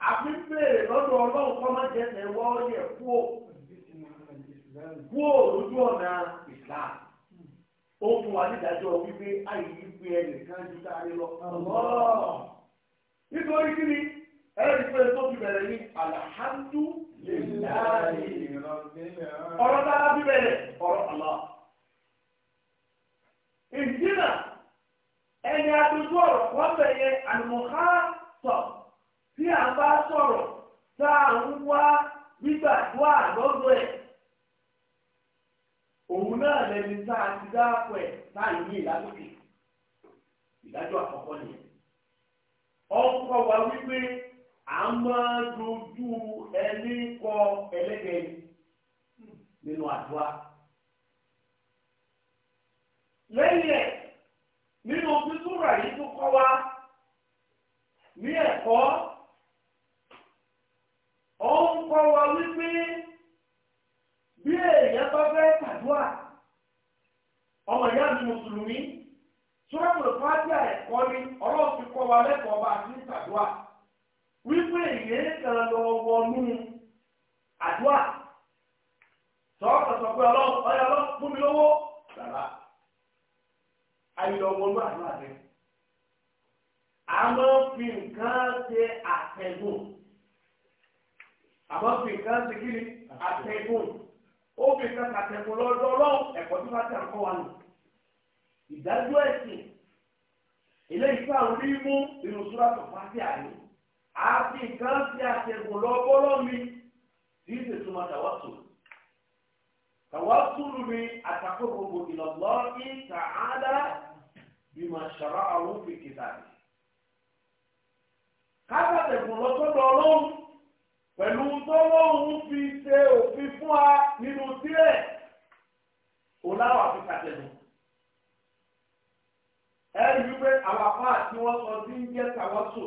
[SPEAKER 1] àfi lọ́dọ̀ ọlọ́run kọ́ má yẹ kúò kúò lójú ọ̀nà Islam. ó ń fún wa nídàájọ́ wípé àyíyí pé ẹnìkan ju sáré lọ. nítorí kí ni ẹ̀rí pé tó fi bẹ̀rẹ̀ ní alhamdu lillahi ọ̀rọ̀ tára fi bẹ̀rẹ̀ ọ̀rọ̀ Allah. ìdínà ẹni àtúntò ọ̀rọ̀ wọ́n bẹ̀yẹ àlùmọ̀ká sọ tí a bá sọ̀rọ̀ tá à ń wá gbígbàdúrà lọ́dọ̀ ẹ̀ òun náà lẹni tá a ti dáàpọ̀ ẹ̀ láàyè ní ìdádókè ìdájọ́ àkọ́kọ́ nìyẹn. ọkọ wa wípé a máa dojú ẹni kọ ẹlẹ́gẹ̀ẹ́ nínú àdúrà. lẹ́yìn ẹ̀ nínú pípúrà yìí tó kọ́ wa ní ẹ̀kọ́ ó wa wípé àdúrà ọmọ ìyá mi mùsùlùmí sọ́dọ̀ fàájà ẹ̀kọ́ ni ọlọ́run ti kọ́ wa lẹ́kọ̀ọ́ bá a ti ń ṣàdúrà wípé ìyẹn kan lọ wọnú àdúrà sọ́ọ̀tọ̀ sọ pé ọlọ́run ọyọ ọlọ́run fún mi lówó rárá ayọ̀ wọnú àdúrà rẹ̀ àmọ́ fi nǹkan ṣe àtẹ̀gùn àmọ́ fi nǹkan ṣe kí ni àtẹ̀gùn obìnrin kan kàtẹ́kọ̀ọ́ lọ́dọ̀ ọlọ́run ẹ̀kọ́ tí wọ́n ti àkọ́ wa nù. ìdájọ́ ẹ̀sìn eléyìí fún àwọn onímú ìrùsúra tó fà sí àyè àti nǹkan ti àtẹ̀kọ̀ọ́ lọ́bọ́lọ́ mi tí ń tètè máa tàwa tù. tàwa túlù mi àtàkùn gbogbo ìlọ́lọ́ ní tààdá bí màá ṣàrà àwọn òfin kìtàbí. ká tàtẹ̀kọ̀ọ́ lọ́sọ́dọ̀ ọlọ́run pẹ̀lú tó lóhun fi ṣe òfin fún wa nínú sílẹ̀ òláwà fi kàtẹ́nu. ẹ rí i pé àwọn afá tí wọ́n sọ sí ń jẹ́ tàwọn sò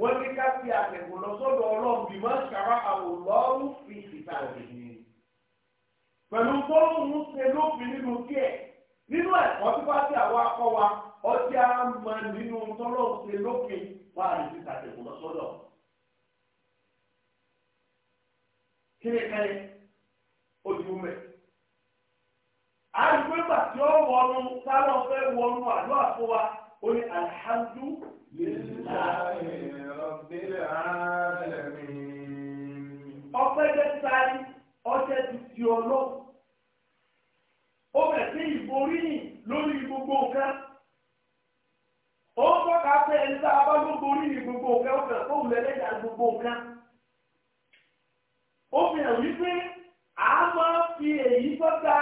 [SPEAKER 1] wọ́n ní ká fi àtẹ̀gùn lọ sọ́dọ̀ ọlọ́run bí wọ́n ṣàrà àwòlọ́rùn fi ìta rẹ̀ ní. pẹ̀lú tó lóhun ṣe lófin nínú díẹ̀ nínú ẹ̀kọ́ tí wọ́n ti àwọn akọ́ wa ọjà máa nínú tọ́lọ́ọ̀ṣe lófin wà á rí i fi kàtẹ́gùn lọ sọ́dọ̀. kíni kẹ́yìn ojú mẹ́. àgbẹ̀gbà tí ó wọnú sábà fẹ́ wọnú àlọ́ àfọwà ó ní alihamdu lillahi rabbil alamin. ọpẹ́ jẹ sáré ọjẹ ti di ọlọ ó bẹ sí ìboríyìn lórí gbogbo nǹkan ó ń tọ́ka pé ẹni tá a bá ló borí ní gbogbo nǹkan ó wùlẹ̀ lẹ́yìn àgbogbo nǹkan ó fi hàn wípé a máa fi èyí tọ́ta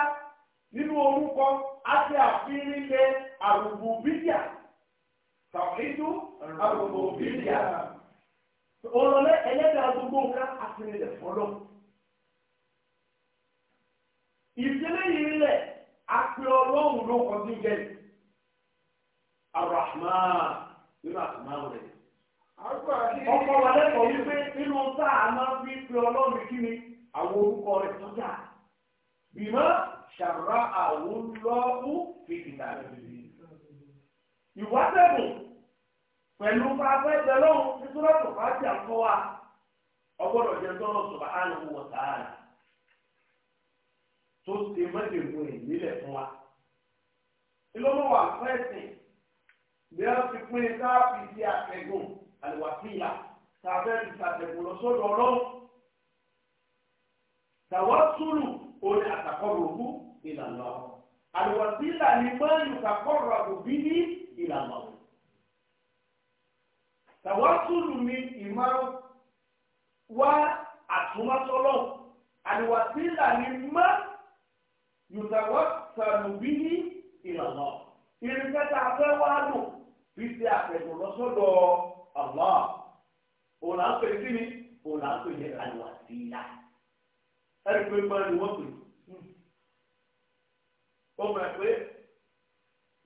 [SPEAKER 1] nínú orúkọ àti àfihànilẹ̀ àrùbù bíyà tàwídú àrùbù bíyà òrọ̀lẹ́ ẹlẹ́dàá gbogbo nǹkan àfihànilẹ̀ fọlọ́. ìdílé yìí lẹ̀ àpè ọlọ́run ló kọjú jẹ́ Ar-Rahman nínú àtìmáwò rẹ̀ ọkọ wa lẹ́kọ̀ọ́ wípé nínú tá a máa fi pe ọlọ́run kí ni àwọn orúkọ rẹ̀ tó dà bìmọ́ ṣàrà àwọn lọ́ọ̀kú fìdílà ìwádẹ́gùn pẹ̀lú pàápẹ́ jẹlọ́hún nítorí ọ̀tọ̀ fàájì àkọ́ wa ọgbọ́dọ̀ jẹ tọ́lọ̀ sọ̀rọ̀ àánú wọ̀ sáárà tó ṣe mọ́tẹ̀mú rẹ̀ nílẹ̀ fún wa ìlọ́mọ̀ wà fẹ́ẹ̀sì bí wọ́n ti pín káàpì sí àtẹ̀gùn àlùwàsíyà tá a fẹ́ fi ṣàtẹ̀kù lọ sọ́dọ̀ ọlọ́run tàwọ́sùlù òní àtàkọ́rọ̀ òkú ìlànà àlùwàsíyà ni mọ́ọ̀lù kàkọ́rọ̀ òbí ní ìlànà tàwọ́sùlù ni ìmọ̀ wá àtúmọ̀sọ́lọ̀ àlùwàsíyà ni mọ́ yòtàwọ́sàlù bí ní ìlànà irinṣẹ́ tá a fẹ́ wá fi ṣe àtẹ̀kù Allah òun là ń pè kí ni òun là ń pè ní àlùwàsílà ẹni pé máa ni wọ́n pè wọ́n mọ̀ pé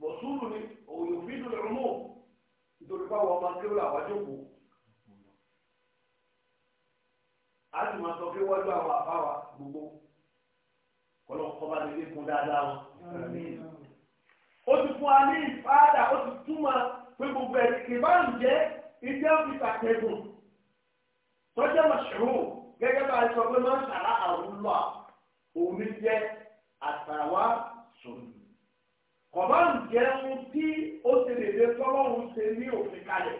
[SPEAKER 1] mọ̀súlù ni òun yóò fi dùn lọ́mọ́ nítorí báwọn ọmọ akéwì àwájọ kù á sì máa sọ pé wọ́n gbà wọn àbáwá gbogbo kọlọ́kọ́ bá lè lékun dáadáa wọn. ó ti fún wa ní ìfáàdà ó ti túmọ̀ pé gbogbo ẹ̀ kì bá ń jẹ́ ìdí áfíríkà kẹ́gùn tọ́jà mọ̀ṣúrù gẹ́gẹ́ bá a sọ pé máa ń sàrà àwùlọ́ òun ní jẹ́ àtàwà sùnù. kọ̀bá ń jẹ́ ohun tí ó ti lè lè tọ́lọ́hún ṣe ní òfin kalẹ̀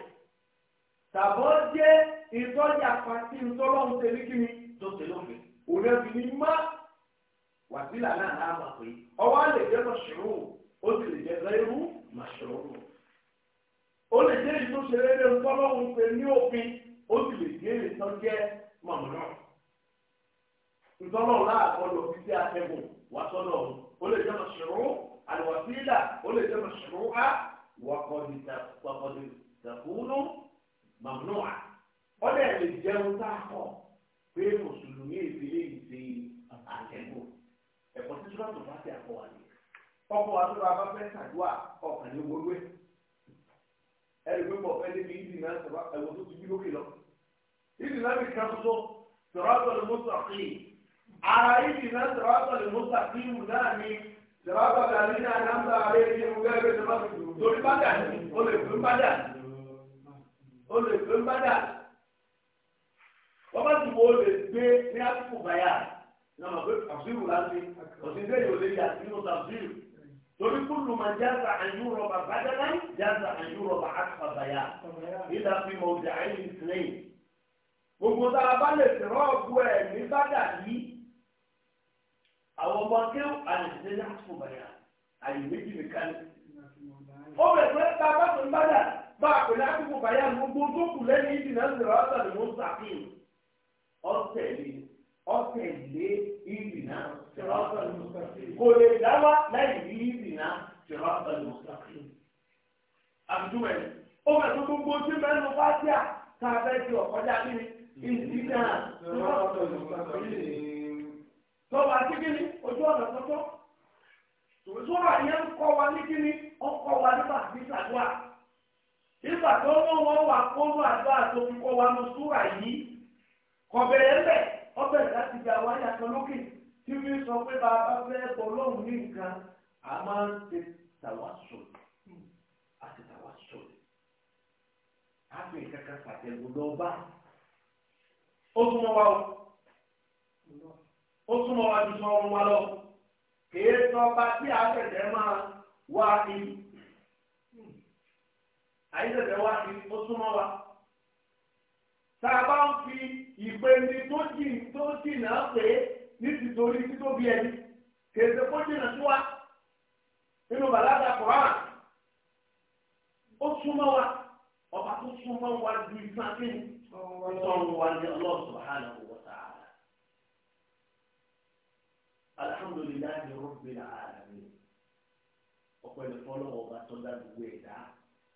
[SPEAKER 1] tàbọ̀ jẹ́ ìtọ́jà pàtí tọ́lọ́hún ṣe ní kíni tó ṣe lófin òun ẹbí ní má wàsílà náà á mà pé ọwọ́ á lè jẹ́ mọ̀ṣúrù ó sì lè jẹ́ rẹ́rú mọ̀ṣúrù. o le je ìlú ṣeré ní ọlọ́run pé ní òfin ó sì lè jẹ́ ìtàn jẹ́ mọ̀mọ́nà ìtọ́lọ́run láàkọ́ lọ sí sí atẹ́gùn wà sọ́dọ̀ ó lè jẹ́ mọ̀ṣẹ̀rú àlùwàsílà ó lè jẹ́ mọ̀ṣẹ̀rú á wàkọ̀dì tàkùnú mọ̀mọ́nà ó lè lè jẹun tá a kọ̀ ẹni pé bọ̀ ẹni bí ìdì náà sọ̀rọ̀ ẹ̀wọ̀n tó ti bí lókè lọ. ìdì náà bí kan tó sọ̀rọ̀ àtọ̀lẹ̀ mọ́tò àkìlì. ara ìdì náà sọ̀rọ̀ àtọ̀lẹ̀ mọ́tò àkìlì mu náà ni sọ̀rọ̀ àtọ̀lẹ̀ àmì náà náà ń bá alẹ́ ní ẹnu gẹ́gẹ́ tó bá fi dùn. torí bàdà ni o lè gbé bàdà. o lè gbé bàdà. wọ́n bá ti wọ o lè gbé ní àtúkù báyà. náà mọ̀ pé àbúrò láti ọ̀sìn torí kúlù máa jáza àyúrọ̀ bá bàdàlá jáza àyúrọ̀ bá àtúfà bàyà ìdá fi mọ̀ ọ̀dà ẹ̀yìn ìsìlẹ̀yìn. gbogbo tá a bá lè sọ̀rọ̀ ọ̀gbù ẹ̀ ní bàdà yìí àwọn ọmọ akéwù àlèṣe ní àtúfà bàyà àyè méjì nìkan. ó bẹ̀rẹ̀ pé tá a bá sọ ní bàdà bá a pè àtúfà bàyà gbogbo tó kù lẹ́yìn ìdìnnà sọ̀rọ̀ ọ̀sán ni mo ń ọ̀sẹ̀ yìí. ọ ìrìnà ṣọ̀rọ̀tọ̀ lùsọ̀kì. Kò lè dá wá láì rí ìrìnà ṣọ̀rọ̀tọ̀ tó gbogbo tí mẹ́nu bá tíà ká fẹ́ di ọ̀kọ́jà kí ni ìdíjà ṣọ̀rọ̀tọ̀ lùsọ̀kì. Tọ́wọ́ àti kí ni ojú ọ̀nà tọ́tọ́. Sọ̀rọ̀ yẹn wa ní kí ni ọkọ̀ wa tó wọ́n wà ọbẹ̀ láti di àwọn àyà lókè tí wọ́n sọ pé bàbá fẹ́ bọ̀ lọ́hùn ní nǹkan a máa ń ṣe tàwásùn àti tàwásùn á fi nǹkan kan pàtẹ́wò lọ́ba ó o ó súnmọ́ wa ju sọ́run wa lọ kèé tí a tẹ̀lé máa wá ní àyè tá a bá ń fi ìpèsè tó jìn tó jìnnà pé ní tìtorí títóbi ẹni kèsè kó jìnnà tó wa nínú bàlágà kọ̀ọ̀rọ̀ ó súnmọ́ wa ọba tó súnmọ́ wa ju ìsàkéyìn ìtọ́run wa ní ọlọ́run subhanahu wa ta'ala. alhamdulillahi rabbil alamin ọ̀pẹ̀lẹ̀ fọlọ́wọ́ ọba tó dá gbogbo ẹ̀dá.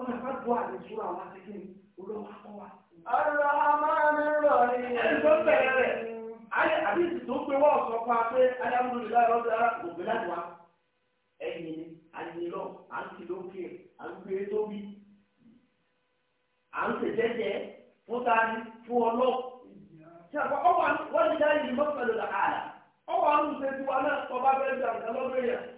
[SPEAKER 1] ọmọ ìfẹ́ bu àdìsúra wa ti kí ụlọ olóńgbà kọ́ wa. ọ̀rọ̀ rọ̀ ni. ẹni bẹ̀rẹ̀ rẹ̀ ayé àdìsí tó gbé wọ́ọ̀ sọ fún wa pé ayáwúrò ìlà ara kò gbé láti ẹyin ni à ń ti lókè à ń gbé tóbi à ń ṣe jẹ́jẹ́ fún tani fún ọlọ́. ọwọ́ àwọn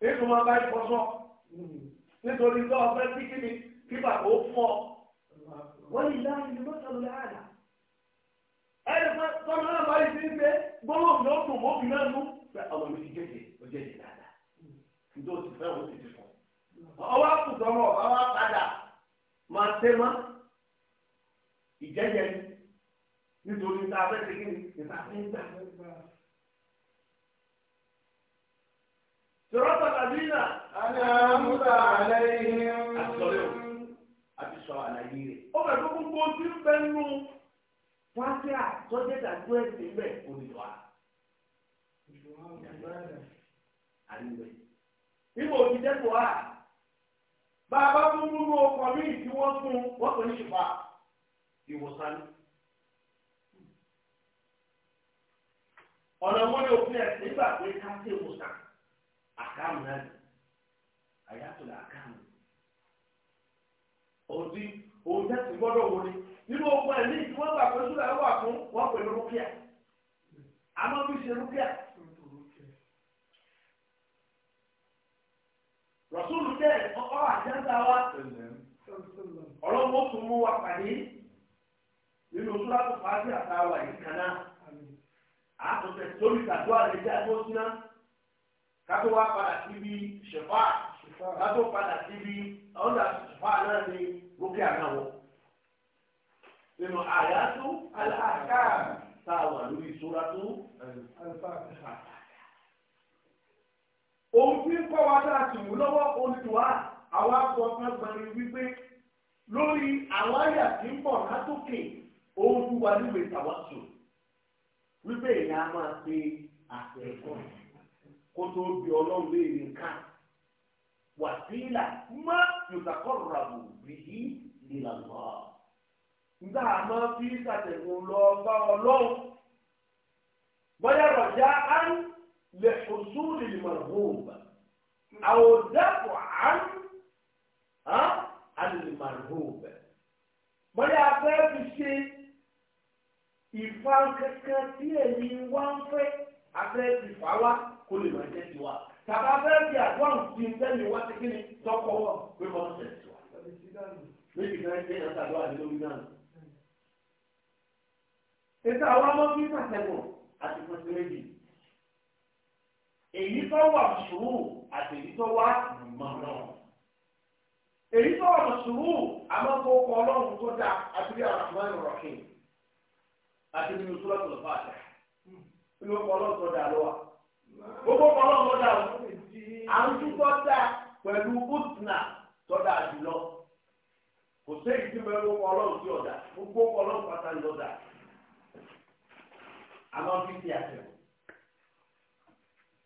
[SPEAKER 1] nítorí wọn bá yípo sọ nítorí tó ọfẹ tí kí ni kí bàbá ó fọ wọn yìí láàyè ló bá sọ̀rọ̀ láàdá ẹni pé tọ́lá náà bá yìí ti ń gbé gbólóhùn yóò dùn mọ́bì náà nú pé ọmọ mi ti jẹ́jẹ́ ó jẹ́jẹ́ dáadáa nítorí ó ti fẹ́ ó ti ti fọ ọwọ́ àkùtọ̀ mọ̀ ọwọ́ àpàdà máa tẹ́ mọ́ ìjẹ́jẹ́ nítorí tá a fẹ́ ṣe kí ni ìta fẹ́ gbà. sọ̀rọ̀tà làbínà. àná múta àlẹ́ yìí. àtọ̀rẹ́ o àti sọ àlàyé rẹ̀. ó bẹ̀ tó gbogbo tí ń bẹ nù wáṣẹ́ àtọ́jẹ́dà gbọ́ ẹ̀sìn bẹ́ẹ̀ kò ní wá. àríwẹ̀. níbo ti dẹ́kun wa bàbá tó múlò ọkọ̀ mi tí wọ́n fún wọ́n kò ní ìfà ìwòsàn. ọ̀nà wọn ni òfin ẹ̀sìn gbà pé ká sí ìwòsàn. ahkam na ayatul ahkam òdi òjá ti gbọ́dọ̀ wọlé nínú ọgbọ́n ẹ̀mí tí wọ́n gbà pé sùlá wà fún wọn pẹ̀lú rúkìá ṣe rúkìá. rọ̀súlù jẹ́ àjẹ́ńtà wa ọlọ́mọ tó mú wa pàdé nínú fàájì àtàwà yìí àtúntẹ̀ sórí kátó wá padà síbi ṣẹ̀fà kátó padà síbi ọ̀dà ṣẹ̀fà náà ní rúkìá náà wọ̀. nínú àyàtú aláàká tá a wà lórí ìṣúra tó alifáàkà. ohun tí ń kọ́ wa dáa sì mú lọ́wọ́ olùtùwà àwa sọ fún agbára wípé lórí àwọn àyà tí ń bọ̀ látòkè ohun tí wà nílùú ìtàwọ́sùn wípé èèyàn á máa pe àtẹ̀kọ́ yìí kó tó bí ọlọ́run léèrè nǹkan wàsílà má yòókàkọ́rọ̀ ràbò bìí nílànà nígbà máa fi ṣàtẹ̀gùn lọ bá ọlọ́run bóyá rọ̀já á ń lè ṣoṣù lè mọ̀rọ̀bùbà àwòdàpọ̀ á ń á lè mọ̀rọ̀bùbà bóyá abẹ́ fi ṣe ìfà kankan tí ẹ̀yin wá ń fẹ́ abẹ́ ti fà wá kó lè máa jẹ́ tiwa tàbá fẹ́ fi àdúrà sí sẹ́yìn wá sí kíni tọ́kọ wọ̀ pé wọ́n ń tẹ̀sí wa. méjì náà ń tẹ̀yàn sàdúrà ní lórí náà. ètò àwọn ọmọbí pàtẹ́gùn àti pẹ̀sẹ̀ méjì. èyí tó wà sùúrù àti èyí tó wà mọ̀ náà. èyí tó wà sùúrù àmọ́ kó kọ ọlọ́run tó dáa àti bí Ar-Rahman Ar-Rahim àti nínú Suratul Fatiha. inú kọ ọlọ́run tó dáa lọ́wọ́. gbogbo ọlọ́run dà o pẹ̀lú utna tọ́da jùlọ kò séyìí tí mo gbogbo ọlọ́run tí ọ̀dà gbogbo ọlọ́run pátá ni ọ̀dà àmọ́ fi ti àtẹ̀wò.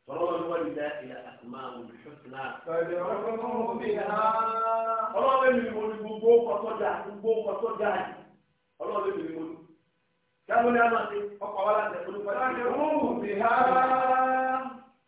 [SPEAKER 1] فروى الوالدات أسماء الحسنى فادعوه gbogbo gbogbo yìí ọlọ́run mi mo ní. sí ọkọ̀ wa láti ẹ̀kọ́ ní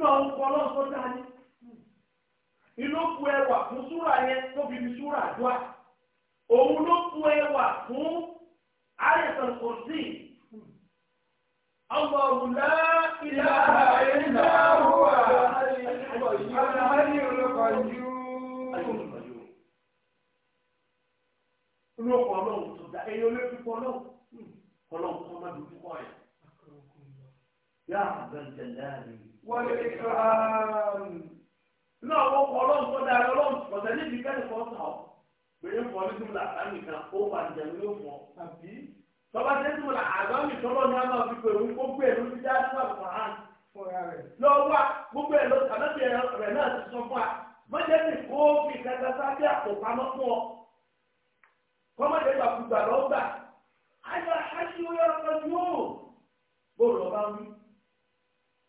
[SPEAKER 1] lọ́n kọ́ lọ́n tó dání. inú ku ẹwà fún súrà yẹn tóbi ní súrà àdúrà òun ló ku ẹwà fún àyẹ̀sán kò sí. Allahu la ilaha illa huwa al-hayyul qayyum inú ọkọ ọlọ́run tó da ẹyọ wọ́n lè sọ náà wọ́n kọ́ ọlọ́run tó dára ọlọ́run ọ̀sẹ̀ níbi kẹ́lẹ́ fọ́ sàn ọ́ pèlè fún ọ ní ó wà nìjà ló fọ́ tàbí tọ́ba tẹ́ túmùlà àgbámi tọ́lọ́ ní àmà fi pèrò gbogbo sí hàn lọ́wọ́ gbogbo rẹ̀ náà ti sọ fún wa mọ́jẹ́ ti kó fi kẹta sábẹ́ fún ọ lọ́gbà ayọ̀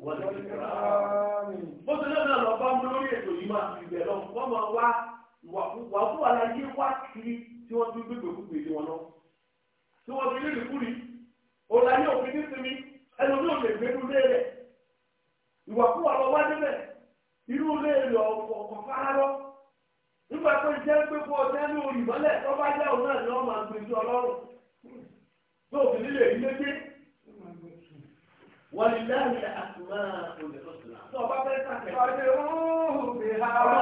[SPEAKER 1] bó ti náà lọ bá mú lórí ètò yìí máa fi bẹ̀rẹ̀ lọ wọ́n máa wá wà fún àlàyé wá kiri tí wọ́n tún gbégbé gbégbé tí wọ́n lọ. tí wọ́n fi léèrè kúri ọ̀làyé òfin ní sinmi ẹnu lè léèrè wá débẹ̀ léèrè ọ̀kọ̀ nígbà tó jẹ́ pé kó ní olùmọ́lẹ̀ tó bá jẹ́ òun ولله الأسماء الحسنى فادعوه بها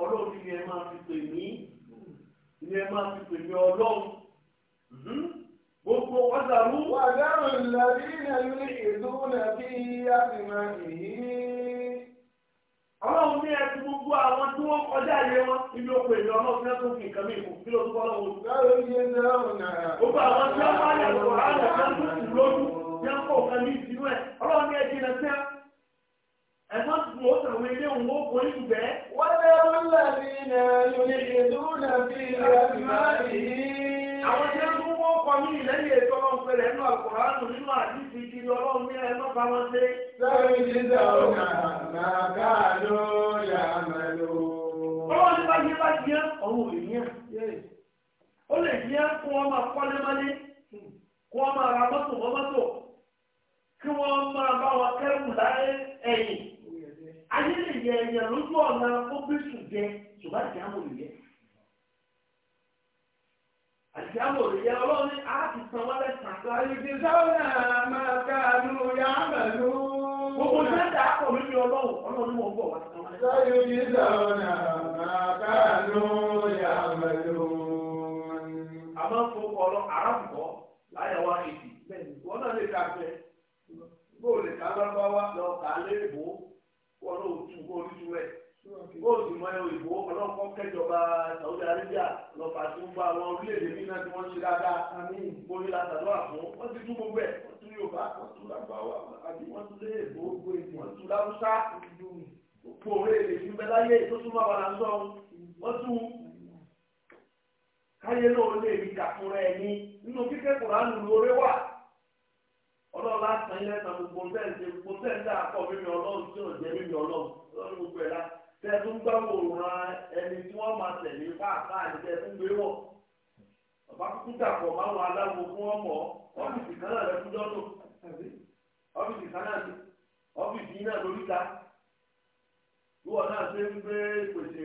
[SPEAKER 1] ọlọ́run ni ẹ máa fi pè mí ni ẹ máa fi pè mí ọlọ́run mhm. gbogbo ọ̀dàrú. wàdàrú ìlàrí ìlàrí ètò nàbí àfihàn yìí. ọlọ́run ní ẹ ti gbogbo àwọn tí wọ́n kọjá ayé wọn ibi òkú èmi ọlọ́run náà tó fi nǹkan mi kù kí ló tó kọ́ lọ́wọ́. báwo ni ẹ dáhùn náà. gbogbo àwọn tí wọ́n yẹn kó kan ní ìdínú ẹ̀ ọlọ́run ní ẹ̀jẹ̀ náà sẹ́yà ẹ̀fọ́ tuntun ó sàwọn ilé òun ó kọ́ ní ìgbẹ́. wọ́n lé wọn lẹ́bi náà lórí ìdúnà bí àtìmáàlì. àwọn tí wọ́n kọ́ ní ìlẹ́yìn ètò ọlọ́run pẹ̀lẹ́ nínú àkùránù nínú àdìsí ti ọlọ́run ní ẹ̀ lọ́ba wọn ṣe. lórí ìdíjà ọ̀nà nàgà ló yà mẹ́lò. ọlọ́run ní báyìí bá jẹ́ ọ̀hún ò ó lè yẹn kó wọn máa kọ́lé kó wọn máa mọ́tò kí wọ́n máa bá wa kẹ́rù láyé ẹ̀yìn. ayé lè yẹ ẹyẹ lójú ọ̀nà ó bí jẹ ṣùgbọ́n àti àwọn olùyẹ. àti àwọn olùyẹ ọlọ́run ní a ti san wọ́n lẹ́sàn. àyùkì sọ́nà máa ká lu yàrá lù. gbogbo sẹ́ńtà àpò mi ni ọlọ́run ọlọ́run ní bọ̀ wá. sọ́nà máa ká bó o lè ká lọ́gbàwá lọ kà á lé ìbò wọn ò tu kó o tu rẹ̀ bó o sì mọ ẹ òyìnbó ọlọ́kọ́ kẹjọba Saudi Arabia lọ́pàá tó ń bá àwọn orílẹ̀-èdè bí náà tí wọ́n ṣe dáadáa mo ní làtàdúrà fún wọ́n ti tún gbogbo ẹ̀ wọ́n tún Yorùbá wọ́n tún làgbàwá àbí wọ́n tún lé èbó wọ́n tún láwùsá gbogbo èdè yìí bẹ́ẹ̀ láyé tó tún máa wà lásán wọ́n tún káyé náà lè rí kàfúnra ẹni nínú kíkẹ́kọ̀ọ́ ọlọ́run láti ẹ̀yìn lẹ́sàn gbogbo tẹ́ǹtì gbogbo tẹ́ǹtì àkọ́ mímí ọlọ́run tí ò jẹ́ mímí ọlọ́run lórí gbogbo ẹ̀ la tẹ́ẹ̀tún gbàgbọ́ ran ẹni tí wọ́n máa tẹ̀lé káàkáà ní tẹ́ẹ̀tún gbé wọ̀ kúkú dàpọ̀ aláwo fún ọmọ ọ́fíìsì kan náà ọ́fíìsì kan náà ọ́fíìsì lórí ta náà ṣe ń gbé pèsè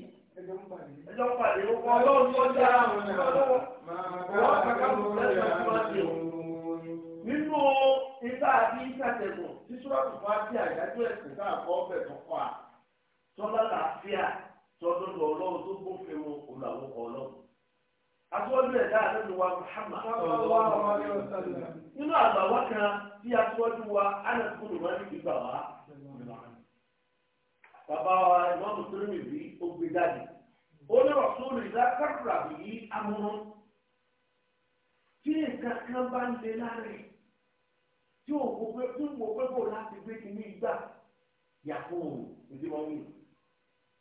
[SPEAKER 1] ń ẹjọ́ pàdé ó kọ́ ọlọ́run nínú tí bá àyájọ́ ẹ̀sìn tá a kọ́ tó kọ́ a làáfíà ọlọ́run tó gbófin ọlọ́run. ẹ̀dá àdéhùn wa Muhammad nínú àgbà wa bàbá wa ìmọ̀ mùsùlùmí bí ó gbé jáde ó ní rọ̀sùn ìdá kàkúrà bí i amúnú tí nǹkan kan bá ń lé láàrin tí ò kó pé tí mo pé kò láti gbé kíní gbà yàtọ̀ ìdí wọn wí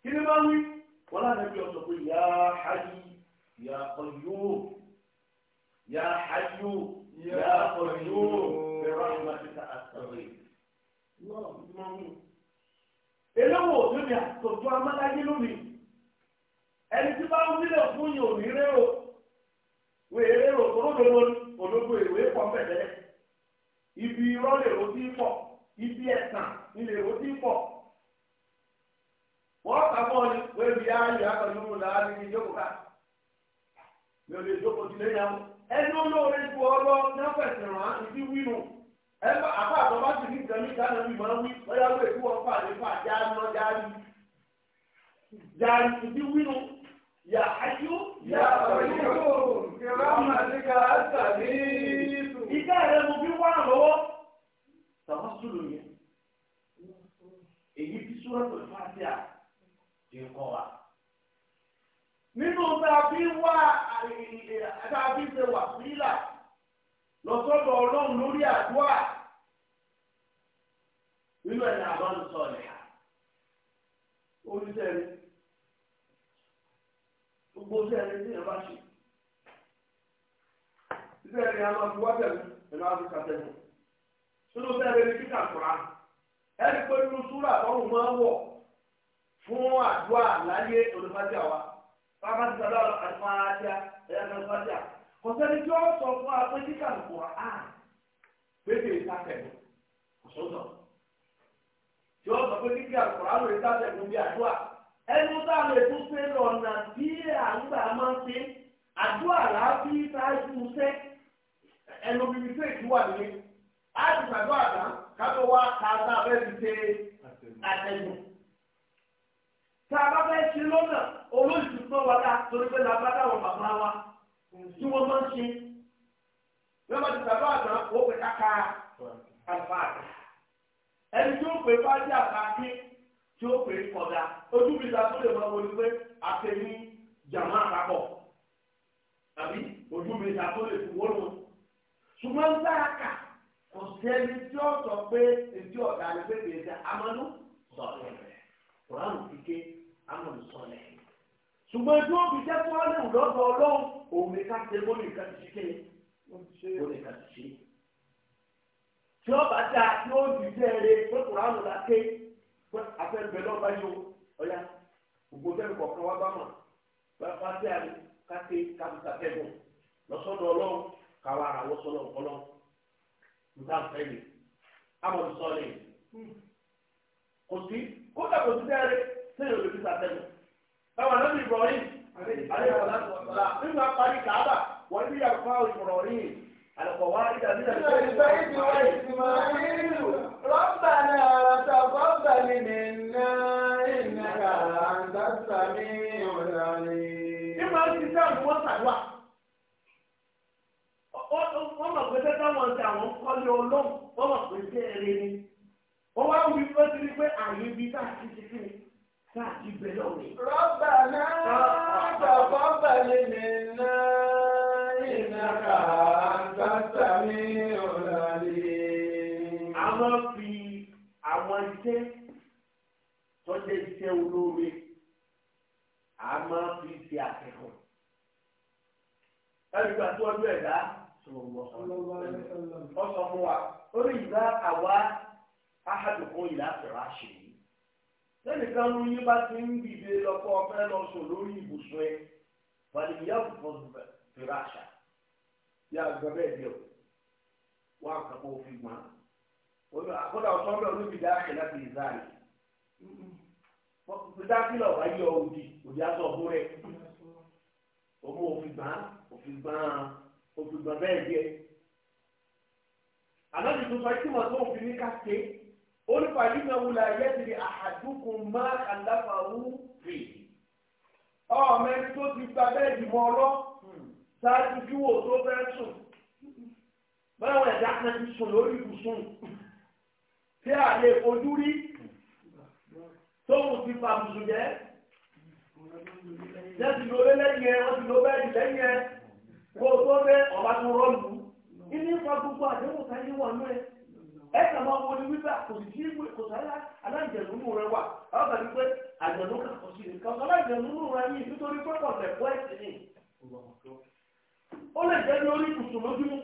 [SPEAKER 1] kíní máa ń wí wọn láti fi ọ̀sọ̀ pé yà á háyì ọ̀yọ́ yà á háyò yà á ọ̀yọ́ ẹ̀rọ àyè àtàwé. Lọ́ọ̀ ìdí máa wí eléwò òdúnyà kò tó amáláyé lónìí ẹni tí bá ń bílẹ̀ fún yìí òní rérò wèé rérò tòródò lónìí ológo ìwé pọ̀ mẹ́lẹ́ ibi irọ́ lè ro sí pọ̀ ibi ẹ̀sán lè ro sí pọ̀ wọ́n kàbọ̀ ni wọ́n ebi ayé akọ̀yọ́mù là á ní ìjókòó ká mi ò lè jókòó sílé yàrá ẹni olóore ju ọ lọ náfẹ̀sẹ̀ rán ibi wínú ẹ bá àbá àtọ́bá sì ní ìtàn níta náà bí máa ń wí bóyá wọ́n èkú wọn fà lè fà já lọ járí járí ìdí wínú yà ájú yà àbẹ̀yẹ̀wò kẹrẹ ọmọ àti kàrà sàbí. ìdá rẹ mo fi wá lọ́wọ́ tàbá sùlù yẹn èyí tí sùrọ̀tò fàtíà ti ń kọ́ wa. nínú tàbí wá tàbí ṣe wà sílà. lọ́sọ́dọ̀ ọlọ́run lórí àdúrà nínú ẹ̀dá àbánisọ ọ̀lẹ́yà oníṣẹ́ni gbogbo sẹ́ni ní ẹ̀ bá ṣe sẹ́ni a máa fi wá tẹ̀lé ẹ̀rọ àfíkà tẹ̀lé nínú sẹ́ni ní kíkà kura ẹni pé nínú súrà tọ́hún máa wọ̀ fún àdúrà láyé olùfàjà wa bàbá ti sọ̀rọ̀ ẹ̀yà kan kọ̀sẹ́ni tí wọ́n sọ fún wa pé kíkà lùkù wá á bébè ìtàkẹ́lù kọ̀sọ́sọ̀ tí wọ́n sọ pé kíkà lùkù wá lórí ìtàkẹ́lù bí àdúrà ẹnu tá a lè tún pé lọ́nà bí àgbà máa ń pé àdúrà láàbí ṣáájú sẹ́ ẹnu bíbí sí ìdúwà nílé á ti gbàdúrà tán kátó wá káàtà bẹ́ẹ̀ ti ṣe àtẹ̀gùn tá a bá fẹ́ ṣe lọ́nà olóṣù tó wọlé àtòrí pé làbá dáwọn bàbá wa tí wọ́n máa ń ṣe lọ́wọ́ ti sàbá àgbà ó pè káka àgbà àgbà ẹni tí ó pè bá dé àkàkí tí ó pè kọ̀dà ojú mi ta tó lè máa wọlé pé àtẹ̀yìn jàmọ́ àpapọ̀ tàbí ojú mi ta tó lè fi wọ́n lọ. ṣùgbọ́n ń dára kà kò sẹ́ni tí ó sọ pé èdè ọ̀dà ni pé bèèrè amánú sọ̀rọ̀ rẹ̀ kùránù kíké amánú sọ̀rọ̀ rẹ̀ ṣùgbọ́n tí ó fi jẹ́ fún ọ́nà ìlọ́dọ̀ ọlọ́run òun ní ká ṣe mọ́ nìkan ti ṣe mọ́ nìkan ti ṣe. tí ó bá dá tí ó di jẹ́rẹ̀ pé kùránù la ké pé afẹ́fẹ́ lọ́ba yóò ọ̀yá gbogbo fẹ́mi kọ̀ọ̀kan wá bá mọ̀ bá sí àmì ká ké káfíńtà fẹ́gùn lọ́sọ̀dọ̀ ọlọ́run káwa ara wọ́ sọ́lọ́ ọlọ́run nígbà fẹ́mi àmọ̀ sọ́ọ̀lì báwọn náà bí Ibrahim nígbà parí kàábà wọ́n bí yàgbá Ibrahim àlọ́kọ̀ wá ìdá nígbà tó ń bá ìdí wá ìsìmáìlú rọ́bàlá àràtà rọ́bàlì nìyà mọ̀ pé tẹ́tà wọn ni wọ́n wá wí pé ó ti rí ti ti fi ni káàkiri bẹ lọ rẹ. rọ́bà náà bàbá balẹ̀ mi náà iná kà bá sàmì ọ̀làlẹ̀. a máa fi àwọn iṣẹ́ tọ́jú iṣẹ́ olóore a máa fi ṣe àtẹ̀kùn. ẹ̀rí gbà tó ọdún ẹ̀dá ọ̀sán fún wa ó rí ìgbà àwa ahadùkún ìlà fẹ̀rẹ̀ àṣírí lẹ́nìkan ló yín bá ti ń dìde lọ́kọ́ ọ̀fẹ́ lọ sùn lórí ibùsùn ẹ̀ wàlẹ̀ ìyá òfin fèrè àṣà yà gbọ́ bẹ́ẹ̀ bí o wà kàkọ́ òfin gbọ́n àkọ́dà ọ̀sán bẹ́ẹ̀ olóbi dá àṣẹ láti ìzáàlì dákìlọ̀ wá yọ òdì òdì aṣọ ọ̀bọ rẹ̀ ọmọ òfin gbọ́n òfin gbọ́n òfin gbọ́n bẹ́ẹ̀ bí ẹ. àná tuntun sọ ikú mọ̀ tó òfin ní ká ṣe é ó ní fàyínà wùlà yẹ́dìrì àhàdùkùn má àlàfàwù rè ọmọ ẹni tó ti gba bẹ́ẹ̀ dì mọ́ ọlọ́ hmm, ṣáájú kí wò tó fẹ́ sùn báwọn ẹ̀dá kan ti sùn lórí ibùsùn tí a lè fojú rí tóun ti fa mùsùn jẹ́ jẹ́sì ló lé lẹ́yìn ẹ wọ́n ti ló bẹ́ẹ̀ dì lẹ́yìn ẹ kó o tó fẹ́ ọ̀bá tó rọ́ọ̀lù ilé ìfọ̀ gbogbo àdéhùn táyé wà náà. ẹ̀ka máa ń wọlé wípé àkòsí ìwé ìkòsí ayá rẹ wà ọ̀gá ni pé àjẹ̀nù kàkọ́ sí i kàkọ́ rẹ yìí nítorí pẹ́pọ̀ lẹ̀kọ́ ẹ̀sìn ni. ó lè jẹ́ nínú rẹ yìí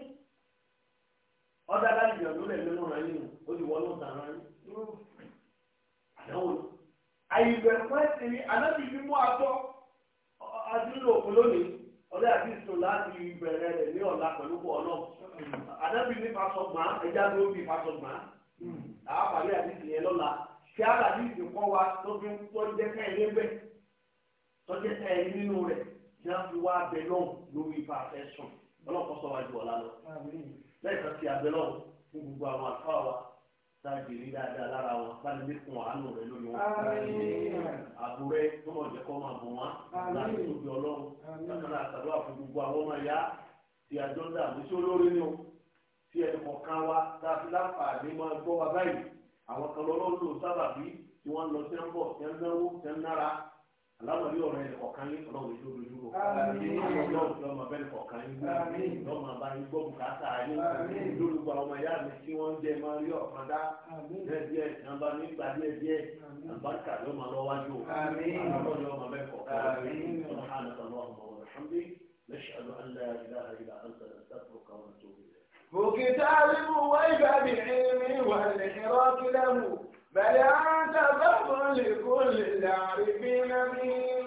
[SPEAKER 1] ó rẹ yìí. mú lónìí àti rẹ̀ ní ọ̀la pẹ̀lú àdábì ní fasọgbà ẹja ló bí fasọgbà àápàdé àdìsí yẹn lọ́la kí àdìsí kọ́ wa tọ́jú tọ́jẹ́ kẹ́hìn bẹ́ tọ́jẹ́ kẹ́hìn nínú rẹ̀ ní a fi wá abẹ náà lórí ipa àfẹ́ sùn ọlọ́kọ́sọ wa jù ọ̀la lọ lẹ́yìn kan ti abẹ náà fún gbogbo àwọn àtọ́ wa sáàjì rí dáadáa lára wọn báyìí bí kún àánú rẹ lórí wọn. àbúrẹ́ tó mọ̀ jẹ́ kọ́ máa bọ̀ wọ́n láti tóbi ọlọ́run lákàrà àtàdúrà fún gbogbo àwọn ọmọ ìyá tí àjọ ń dààmú sí olórí ni o tí ẹnì kọ̀ọ̀kan wa tá a fi láǹfààní máa gbọ́ wa báyìí àwọn kan lọ́wọ́ lò sábà bí tí wọ́n lọ sẹ́ ń bọ̀ sẹ́ ń náwó sẹ́ ń nára aláwọ̀ ní ọ̀rọ̀ ẹnì kọ̀ọ̀kan yín ọlọ́run èso dojú kọ ọlọ́run ọba ẹnì kọ̀ọ̀kan yín lọ́mọ bá yín gbọ́ bùkátà yín lórúkọ àwọn ọmọ ìyá mi tí wọ́n ń jẹ máa rí ọ̀kan dá o ọlọ́run نشهد أن لا إله إلا أنت نستغفرك ونتوب إليك وكتاب ويبا بعلم والانحراف له بل أنت بحر لكل العارفين به